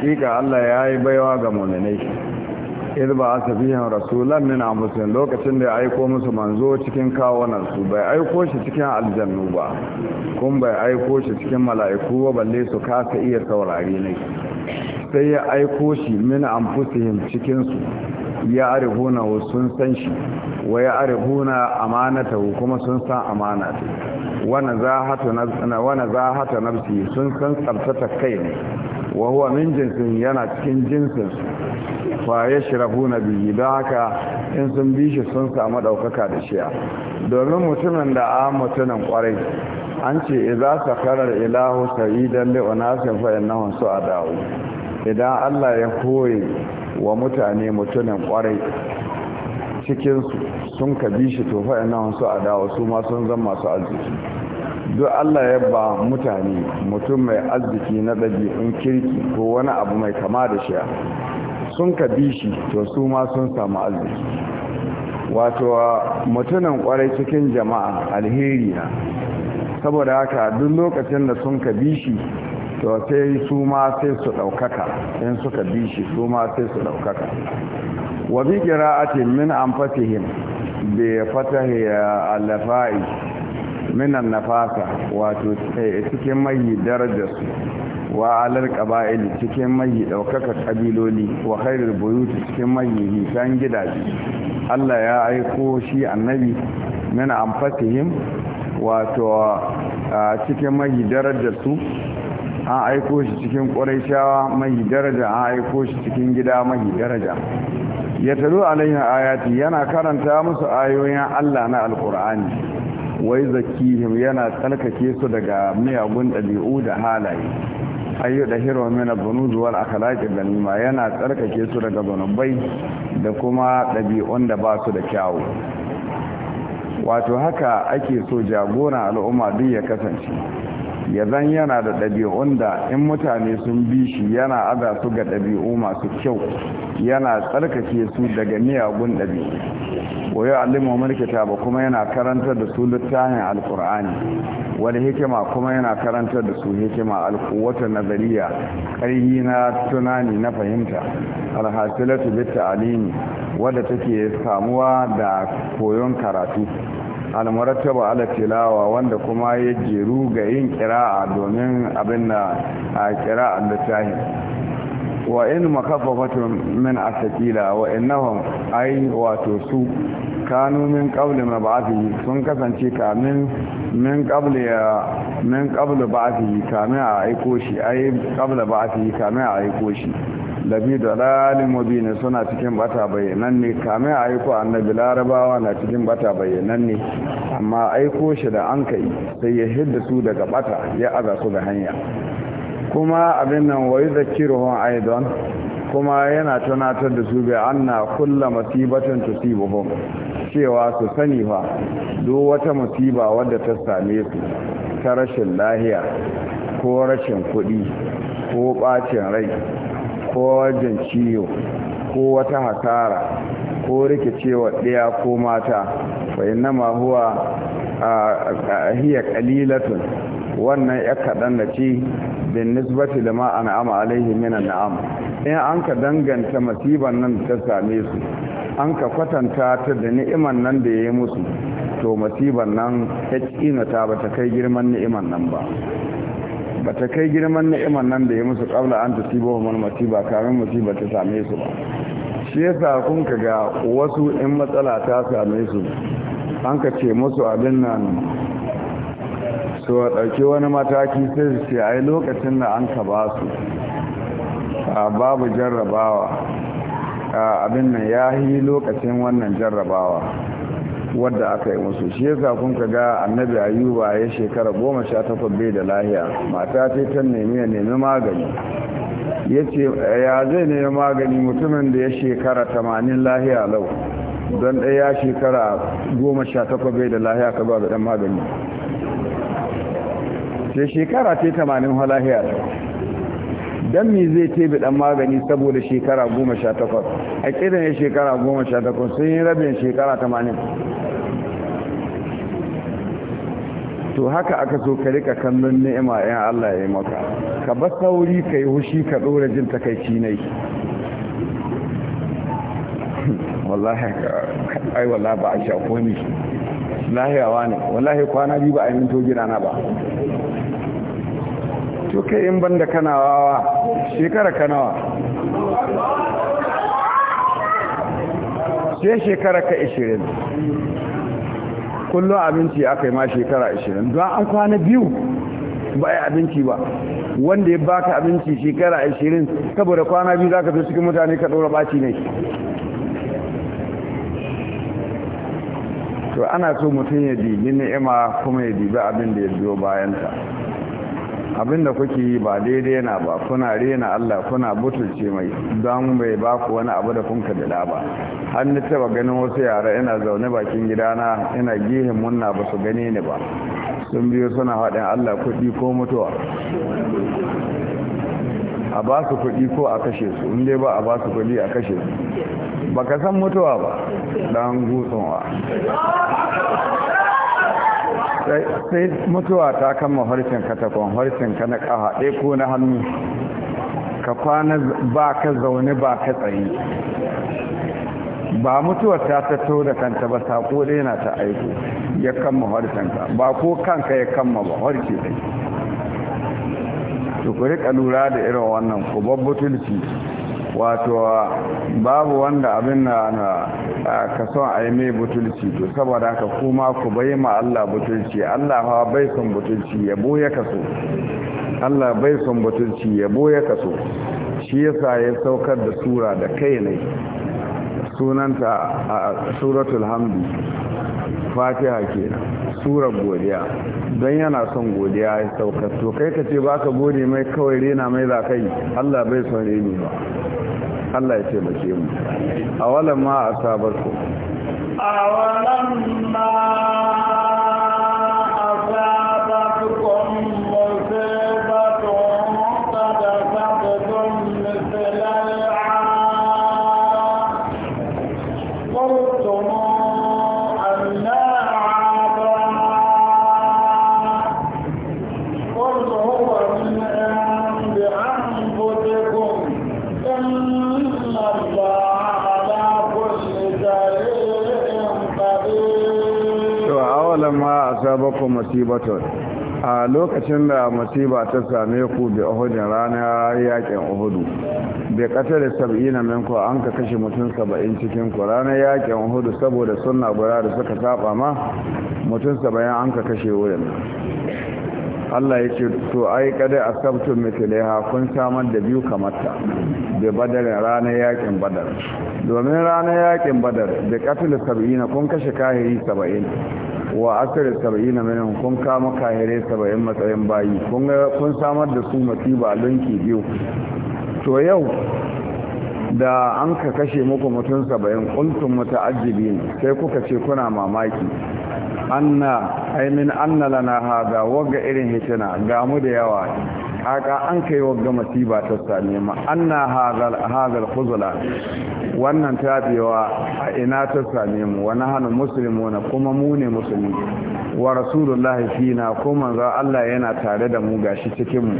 [SPEAKER 1] hakika Allah ya yi baiwa ga muminai idan ba asfihim rasulan min anfusihim lokacin da ya aiko musu manzo cikin kawunan su bai aiko shi cikin aljannu ba kun bai aiko shi cikin mala'iku ba balle su kasa iya saurare ne sai ya aiko shi min amfusihim cikin su ya arihuna sun san shi wa ya arihuna amanata kuma sun san amanata wana zahata nafsi sun san tsabtata kai ne wa min jinsin yana cikin jinsin fa yashrabuna bihi don haka in sun bi shi sun samu daukaka da shiya domin mutumin da a mutumin kwarai an ce idza karar ilahu sa'idan li unasin fa a dawo. idan Allah ya koye wa mutane mutumin kwarai cikinsu sun ka bi shi to fa a dawo su ma sun zama masu arziki duk Allah ya ba mutane mutum mai arziki na ɗabi'un kirki ko wani abu mai kama da shi sun ka bi shi to su ma sun samu arziki wato mutunan kwarai cikin jama'a alheri na saboda haka duk lokacin da sun ka bi shi to sai su ma sai su ɗaukaka in suka bi shi su ma sai su ɗaukaka wa bi qira'atin min anfasihim bi fatahi ya fai minan nafasa wato eh, cikin mai darajarsu wa alal qaba'il cikin mai ɗaukaka ƙabiloli, wa khairul buyut cikin mai hisan gidaje Allah ya aiko shi annabi min amfatihim wato cikin mai su an aiko shi cikin ƙuraishawa mai daraja an aiko shi cikin gida mai daraja ya talo alayhi ayati yana karanta musu ayoyin Allah na Alƙur'ani. wai zakihim yana tsarkake su daga miyagun ɗabi'u da halaye ayyu da hiro min abunuz wal akhlaq da nima yana tsarkake su daga zanubai da kuma ɗabi'un da ba su da kyawu wato haka ake so jagora al'umma duk ya kasance ya zan yana da ɗabi'un da in mutane sun bi shi yana aza su ga ɗabi'u masu kyau yana tsarkake su daga miyagun ɗabi'u wa ya alimu mulkita ba kuma yana karantar da su littafin alkur'ani wani hikima kuma yana karantar da su hikima alkuwata nazariya ƙarhi na tunani na fahimta alhasilatu bitta alimi wadda take samuwa da koyon karatu almurattaba ala tilawa wanda kuma ya jeru ga yin kira'a domin abin da a kira'a littafi wa in makafafatu min asakila wa innahum ay wato su kanu min qabli mab'athi sun kasance kamin min qabli min qabli ba'thi kamin a aiko shi ay qabla ba'thi kamin a aiko shi labi da lalin ne suna cikin bata bayanan ne kamin aiko annabi larabawa na cikin bata bayanan ne amma aiko shi da an kai sai ya hidda su daga bata ya aza su da hanya kuma abin nan wai hon aidon kuma yana tunatar da su bai anna kulla masibatin buhun cewa su sani fa duk wata musiba wadda ta same su ta rashin lahiya ko rashin kuɗi ko ɓacin rai ko wajen ciwo ko wata hasara ko rikicewa ɗaya ko mata fa innama huwa hiya qalilatun wannan ya kaɗan na ci bin nisbati lama an'ama alaihi minan na'am in an ka danganta masiban nan ta same su an ka kwatanta ta da ni'iman nan da ya yi musu to masiban nan ta ba ta kai girman ni'iman nan ba bata ta kai girman ni'imar nan da ya musu kabla an ta tibo wa masiba kamin musiba ta same su ba shi yasa kun ka ga wasu in matsala ta same su an ka ce musu abin nan su ɗauki wani mataki sai su ce a yi lokacin da an ka ba su babu jarrabawa abin nan ya yi lokacin wannan jarrabawa wadda aka yi musu shi yasa kun ka ga annabi ayuba ya shekara goma sha takwas bai da lahiya mata ta ta nemi ya nemi magani ya ce ya zai nemi magani mutumin da ya shekara tamanin lahiya lau don ɗaya ya shekara goma sha takwas bai da lahiya ka ba da ɗan magani sai shekara ta tamanin lahiya lau don me zai tebe dan magani saboda shekara goma sha takwas a kiran ya shekara goma sha takwas sun yi rabin shekara tamanin to haka aka so ka rika kallon ni'ima yan Allah ya yi maka ka ba sauri ka yi hushi ka ɗora jin takaici ne wallahi ai wallahi ba a sha komi lahiyawa ne wallahi kwana biyu ba a yi minto gidana ba to kai in banda kana wawa shekara kanawa sai shekara ka 20 kullum abinci aka yi ma shekara 20 don an kwana biyu ba abinci ba wanda ya baka abinci shekara 20 saboda kwana biyu za ka zo cikin mutane ka ɗora ɓaci ne to ana so mutum ya dibi ni'ima kuma ya dibi abin da ya biyo bayanta abinda kuke yi ba daidai yana ba kuna rena Allah kuna butulce mai don bai ba ku wani abu da kun kabila ba an ni taba ganin wasu yara ina zaune bakin gidana yana gihin munna ba su gane ni ba sun biyo suna haɗin Allah kuɗi ko mutuwa a ba su kuɗi ko a kashe su in ba a ba su kuɗi a kashe su ba ka san mutuwa ba don gutsunwa sai mutuwa ta kama harshen katakon harshen ka na kaha ɗai ko na hannu ka kwana ba ka zaune ba ka tsaye ba mutuwa ta tatto da kanta ba sako ɗaya na ta aiko ya kama harshen ka ba ko kanka ya kama ba harshe ɗai to ku riƙa lura da irin wannan ku babbutulci wato babu wanda abin na ka son a yi mai butulci to saboda ka kuma ku bai ma Allah butulci Allah hawa bai son butulci yabo ya kaso Allah bai son butulci yabo ya kaso shi yasa ya saukar da sura da kai ne sunanta a suratul hamdi fatiha ke sura godiya don yana son godiya ya saukar to kai ka ce ba ka gode mai kawai rena mai za Allah bai son reni ba Allah ya taimake mu a sabar ku. A ma masibatar a lokacin da masiba ta same ku bi rana ranar yakin uhudu bi qatala sab'ina minku an ka kashe mutum saba'in cikin ku ranar yakin uhudu saboda suna guda da suka saba ma mutum saba'in an ka kashe wurin Allah ya ce to ai kada asabtu ha kun samar da biyu kamar ta da rana ranar yakin badar domin ranar yakin badar da katil 70 kun kashe kahiri saba'in. wa asir saba'ina minin kun kama kahire saba'in matsayin bayi kun kun samar da su a lunki biyu to yau da an ka kashe muku mutun saba'in kuntum muta'ajjibin sai kuka ce kuna mamaki anna aimin anna lana hada waga irin hitina gamu da yawa haka an kai wagga masiba ta same ma anna hazal hazal khuzla wannan tabewa a ina ta same mu wa nahnu muslimuna kuma mu ne musulmi wa rasulullahi fina kuma za Allah yana tare da mu gashi cikin mu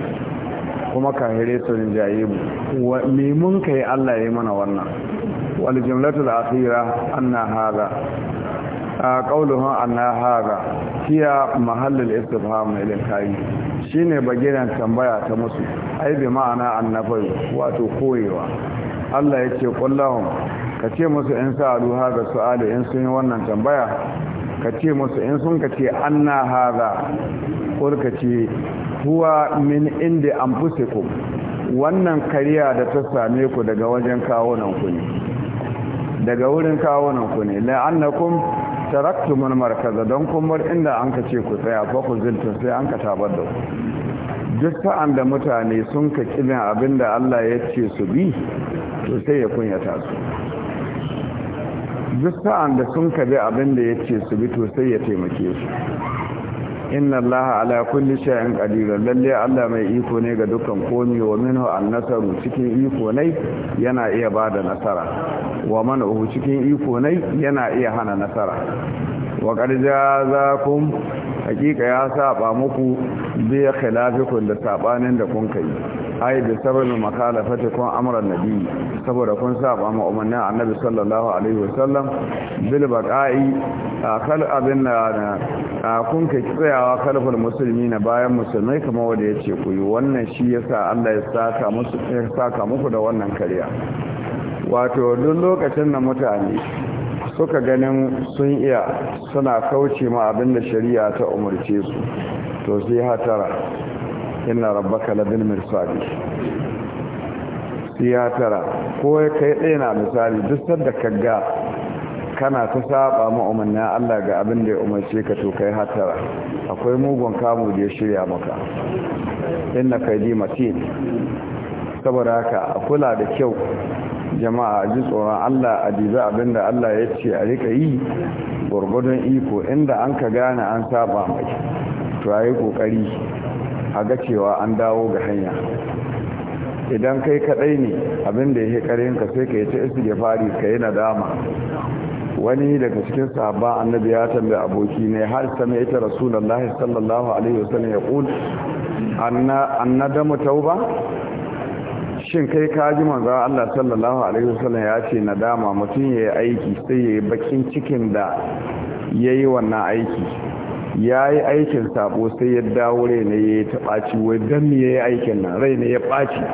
[SPEAKER 1] kuma hire su jaye mu me mun kai Allah ya mana wannan wal jumlatul akhira anna hadha qauluhu anna hadha hiya mahallul istifham lil kai shine bagiran tambaya ta musu ai bi ma'ana annabi wato koyewa Allah ya yace kullahum ka ce musu in sa'alu hadha su'ali in sun yi wannan tambaya ka ce musu in sun ka ce anna hadha ko ka ce huwa min inda an ku wannan kariya da ta same ku daga wajen kawo nan ku ne daga wurin kawo nan ku ne la'annakum taraktumul markaza don kumar inda an ka ce ku tsaya fa ku zilta sai an ka tabar da ku duk sa'an da mutane sun ka kibin abin da Allah ya ce su bi to sai ya kunyata su duk sa'an da sun ka bi abin da ya ce su bi to sai ya taimake su inna allaha ala kulli shay'in qadir lalle Allah mai iko ne ga dukkan komai wa minhu an-nasaru cikin iko ne yana iya bada nasara wa man'uhu cikin iko ne yana iya hana nasara wa karja za kun hakika ya saba muku bi khilafikum da sabanin da kun kai ai da sababin kun amran nabi saboda kun saba ma umarnin annabi sallallahu alaihi wasallam bil baqa'i kal abin da kun kai tsayawa kalful musulmi na bayan musulmai kamar wanda yace ku yi wannan shi yasa Allah ya saka musu ya saka muku da wannan kariya wato duk lokacin da mutane suka ganin sun iya suna kauce ma abin shari'a ta umarce su to sai hatara inna rabbaka labil mirsadi sai hatara ko kai tsaye na misali duk sanda kaga kana ta saba ma umarnin Allah ga abin da ya umarce ka to kai hatara akwai mugun kamu da ya shirya maka inna kaidi matin saboda haka a kula da kyau jama'a a ji tsoron allah a dibi abin allah ya ce a rika yi gwargwadon iko inda an ka gane an saba mai to ayi kokari a ga cewa an dawo ga hanya idan kai kadai ne abinda ya karin ka sai ka yi ta isi fari ka yi nadama wani daga cikin sahabban annabi ya tambi aboki ne har sami ita rasulallah sallallahu alaihi wasallam ya kul annadamu tauba shin kai ka ji manzo Allah sallallahu alaihi wasallam ya ce nadama mutum ya yi aiki sai yayi bakin cikin da yayi wannan aiki yayi aikin sabo sai ya dawo rai ne yi ta baci wai dan me yayi aikin nan rai ne ya baci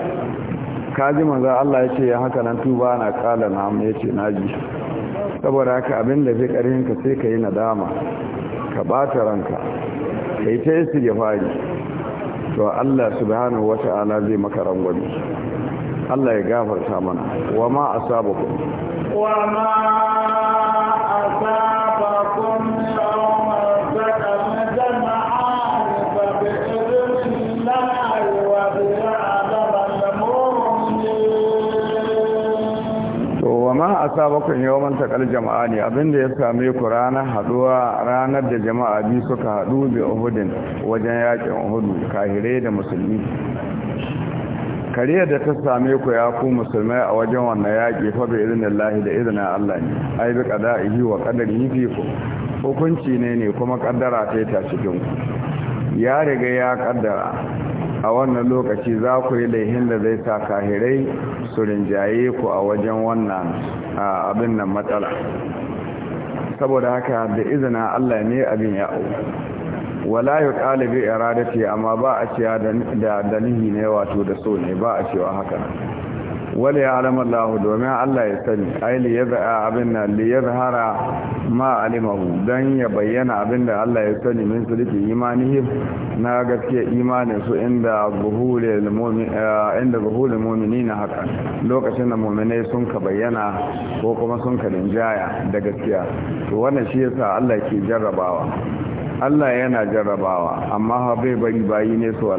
[SPEAKER 1] ka ji manzo Allah ya ce ya haka nan tuba na kala na mu na ji saboda haka abin da zai karin ka sai ka yi nadama ka bata ranka kai ta ya fari to Allah subhanahu wata'ala zai maka rangwani. Allah ya gafarta mana wa ma asabakum wa ma asabakum yawma taqamu jama'an fa bi da abinda ya same ku ranar haduwa ranar da jama'a biyu suka hadu bi uhudin wajen yakin uhudu kahire da musulmi kare da ta same ku ya ku musulmai a wajen wannan yaƙi fa bi idnillahi da izinin Allah ne ai bi qada'ihi wa qadarihi fi ku hukunci ne ne kuma kaddara ta ta cikin ku ya riga ya kaddara a wannan lokaci za ku yi laihin da zai sa kahirai su rinjaye ku a wajen wannan abin nan matsala saboda haka da izinin Allah ne abin ya wala ya ɗalibi ce amma ba a cewa da dalili ne wato da so ne ba a cewa haka wale ya alama lahu domin allah ya sani ai li abin na li ya ma alimahu dan ya bayyana abin da allah ya sani min sulki imanihi na gaskiya imanin su inda eh, inda momini na haka lokacin da muminai sun ka bayyana ko kuma sun ka linjaya da gaskiya to wannan shi yasa allah ke jarrabawa Allah yana jarrabawa amma ha bai bari bayi ne su wa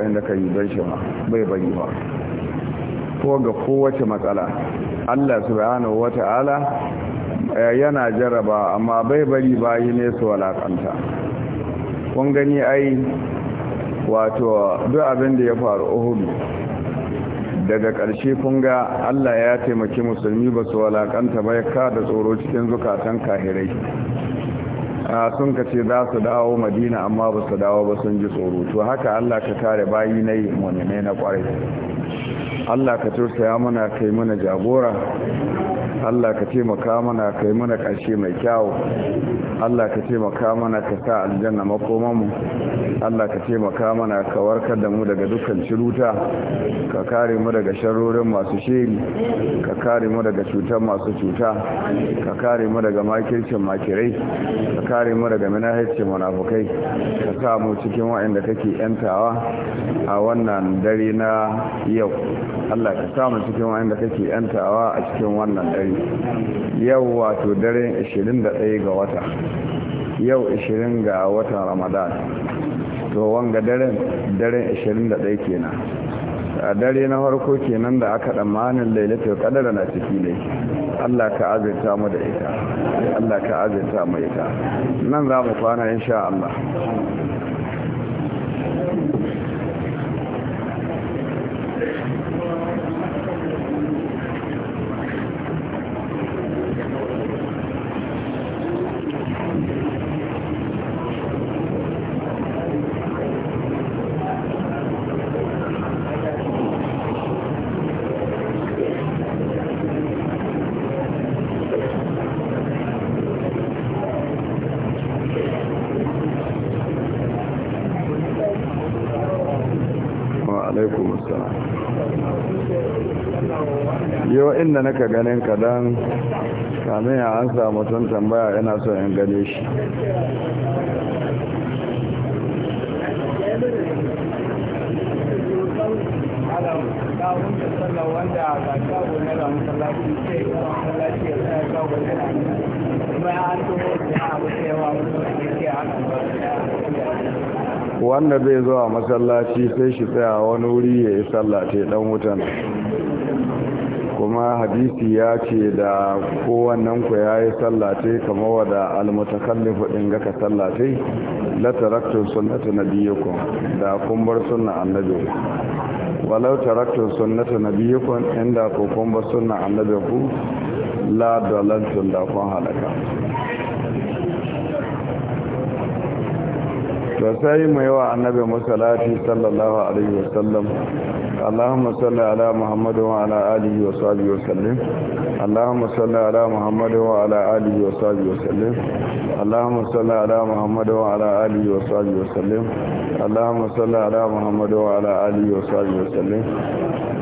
[SPEAKER 1] inda ka yi don shi ma bai bari ba ko ga kowace matsala Allah subhanahu wata'ala eh, yana jarrabawa amma bai bari bayi ne su alakanta kun gani ai wato duk abin da ya faru uhudu daga ƙarshe kun ga Allah ya taimaki musulmi ba su walakanta ba ya da tsoro cikin zukatan kahirai sun ka ce za su dawo madina amma ba su dawo ba sun ji tsoro to haka allah ka kare bayi na yi mummune na kwarai allah ka tursa ya mana kai mana jagora Allah ka taimaka mana ka yi mana ƙarshe mai kyawu Allah ka taimaka mana ka sa aljanna makomanmu Allah ka taimaka mana ka warkar da mu daga dukkan ciruta ka kare mu daga sharorin masu shiri ka kare mu daga cutar masu cuta ka kare mu daga makircin makirai ka kare mu daga minahicin munafukai ka sa mu cikin waɗanda kake yantawa a wannan dare na yau Allah ka samu cikin wanda kake yantawa a cikin wannan dare yau wato daren 21 ga wata yau 20 ga watan ramadan to wanga daren daren 21 kenan a dare na farko kenan da aka damanin lailatul kadara na ciki ne Allah ka azurta mu da ita Allah ka azurta mu ita nan za mu kwana insha Allah inda naka ganin ka don kamin ya an samu tun tambaya ina so in gane shi wanda zai zuwa masallaci sai shi tsaya wani wuri ya yi sallate dan wutan kuma hadisi ya ce da kowannen ku ya yi sallace kama wada almutakallifu ɗin ga ka sallace lataraktun sunnata na biyukun da kumbar sunna annabi walau taraktun sunnata na biyukun inda ku kumbar sunna annabi ku la dalantun da kun halaka to mai mu yawa annabi musallati sallallahu alaihi wasallam allahumma salli ala muhammad wa ala alihi wa sahbihi wa allahumma salli ala muhammad wa ala alihi wa sahbihi wa allahumma salli ala muhammad wa ala alihi wa sahbihi wa allahumma salli ala muhammad wa ala alihi wa sahbihi wa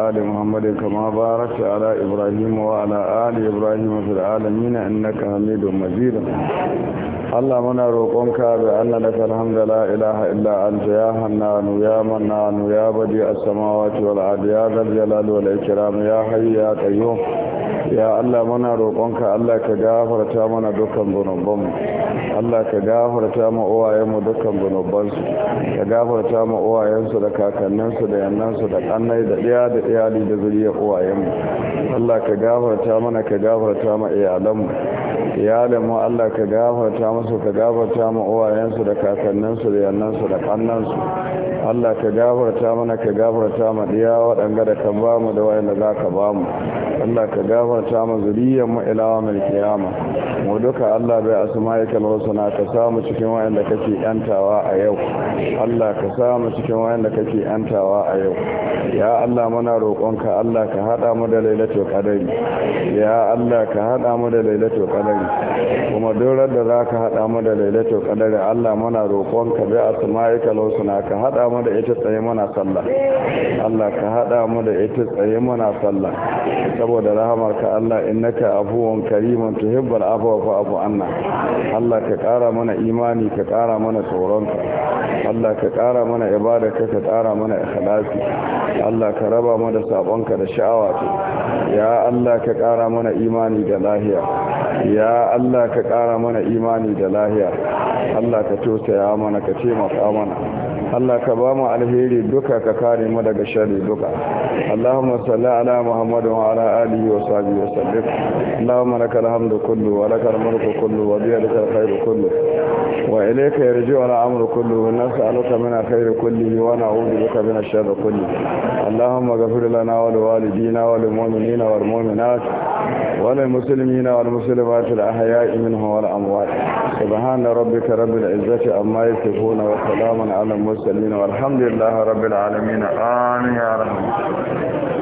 [SPEAKER 1] آل محمد كما باركت على إبراهيم وعلى آل إبراهيم في العالمين إنك حميد مجيد اللهم نروقك بأن لك الحمد لا إله إلا أنت يا حنان يا منان يا بديع السماوات والأرض يا ذا الجلال والإكرام يا حي يا قيوم يا الله منا روقك الله كغفرتا منا دكان ذنوبنا Allah ka gafarta ma uwayenmu dukkan zunubansu ka gafarta ma uwayensu da kakanninsu da yannansu da kannai da ɗaya da iyali da zuriyar uwayenmu Allah ka gafarta mana ka gafarta ma iyalanmu iyalanmu Allah ka gafarta masu ka gafarta ma uwayensu da kakanninsu da yannansu da kannansu Allah ka gafarta mana ka gafarta ma diya waɗanda da ka ba mu da waɗanda za ka ba mu Allah ka gafarta ma zuriyar mu ilawa mai kiyama mu duka Allah bai asma'ikal rusuna ka samu cikin waɗanda kake yantawa a yau Allah ka samu cikin waɗanda kake yantawa a yau ya Allah muna roƙonka Allah ka hada mu da lailatul qadari ya Allah ka hada mu da lailatul qadari kuma duk da zaka hada mu da lailatul qadari Allah muna roƙonka bai asma'ikal rusuna ka hada mu da ita tsaye mana sallah Allah ka hada mu da ita tsaye mana sallah saboda ka Allah innaka afuwan karimun tuhibbul afwa abu anna Allah ka kara mana imani ka kara mana tsoronka Allah ka kara mana ibada ka ka kara mana ikhlasi Allah ka raba mu da sabonka da sha'awa ya Allah ka kara mana imani da lahiya ya Allah ka kara mana imani da lahiya Allah ka tausaya mana ka taimaka mana Allah ka ba mu alheri duka ka kare mu daga sharri duka Allahumma salli ala Muhammad wa ala alihi wa sahbihi wa sallim Allahumma lakal hamdu kullu wa lakal mulku kullu wa biyadika alkhairu kullu wa ilayka yarji'u al-amru kullu wa nas'aluka min alkhairi kullihi wa na'udhu bika min ash-sharri kullihi Allahumma ghfir lana wa liwalidina wa lilmu'minina wal mu'minat wa lil muslimina wal muslimat al-ahya'i minhum wal amwat subhana rabbika rabbil izzati amma yasifun wa salamun ala al المرسلين والحمد لله رب العالمين
[SPEAKER 2] آمين يا رحمة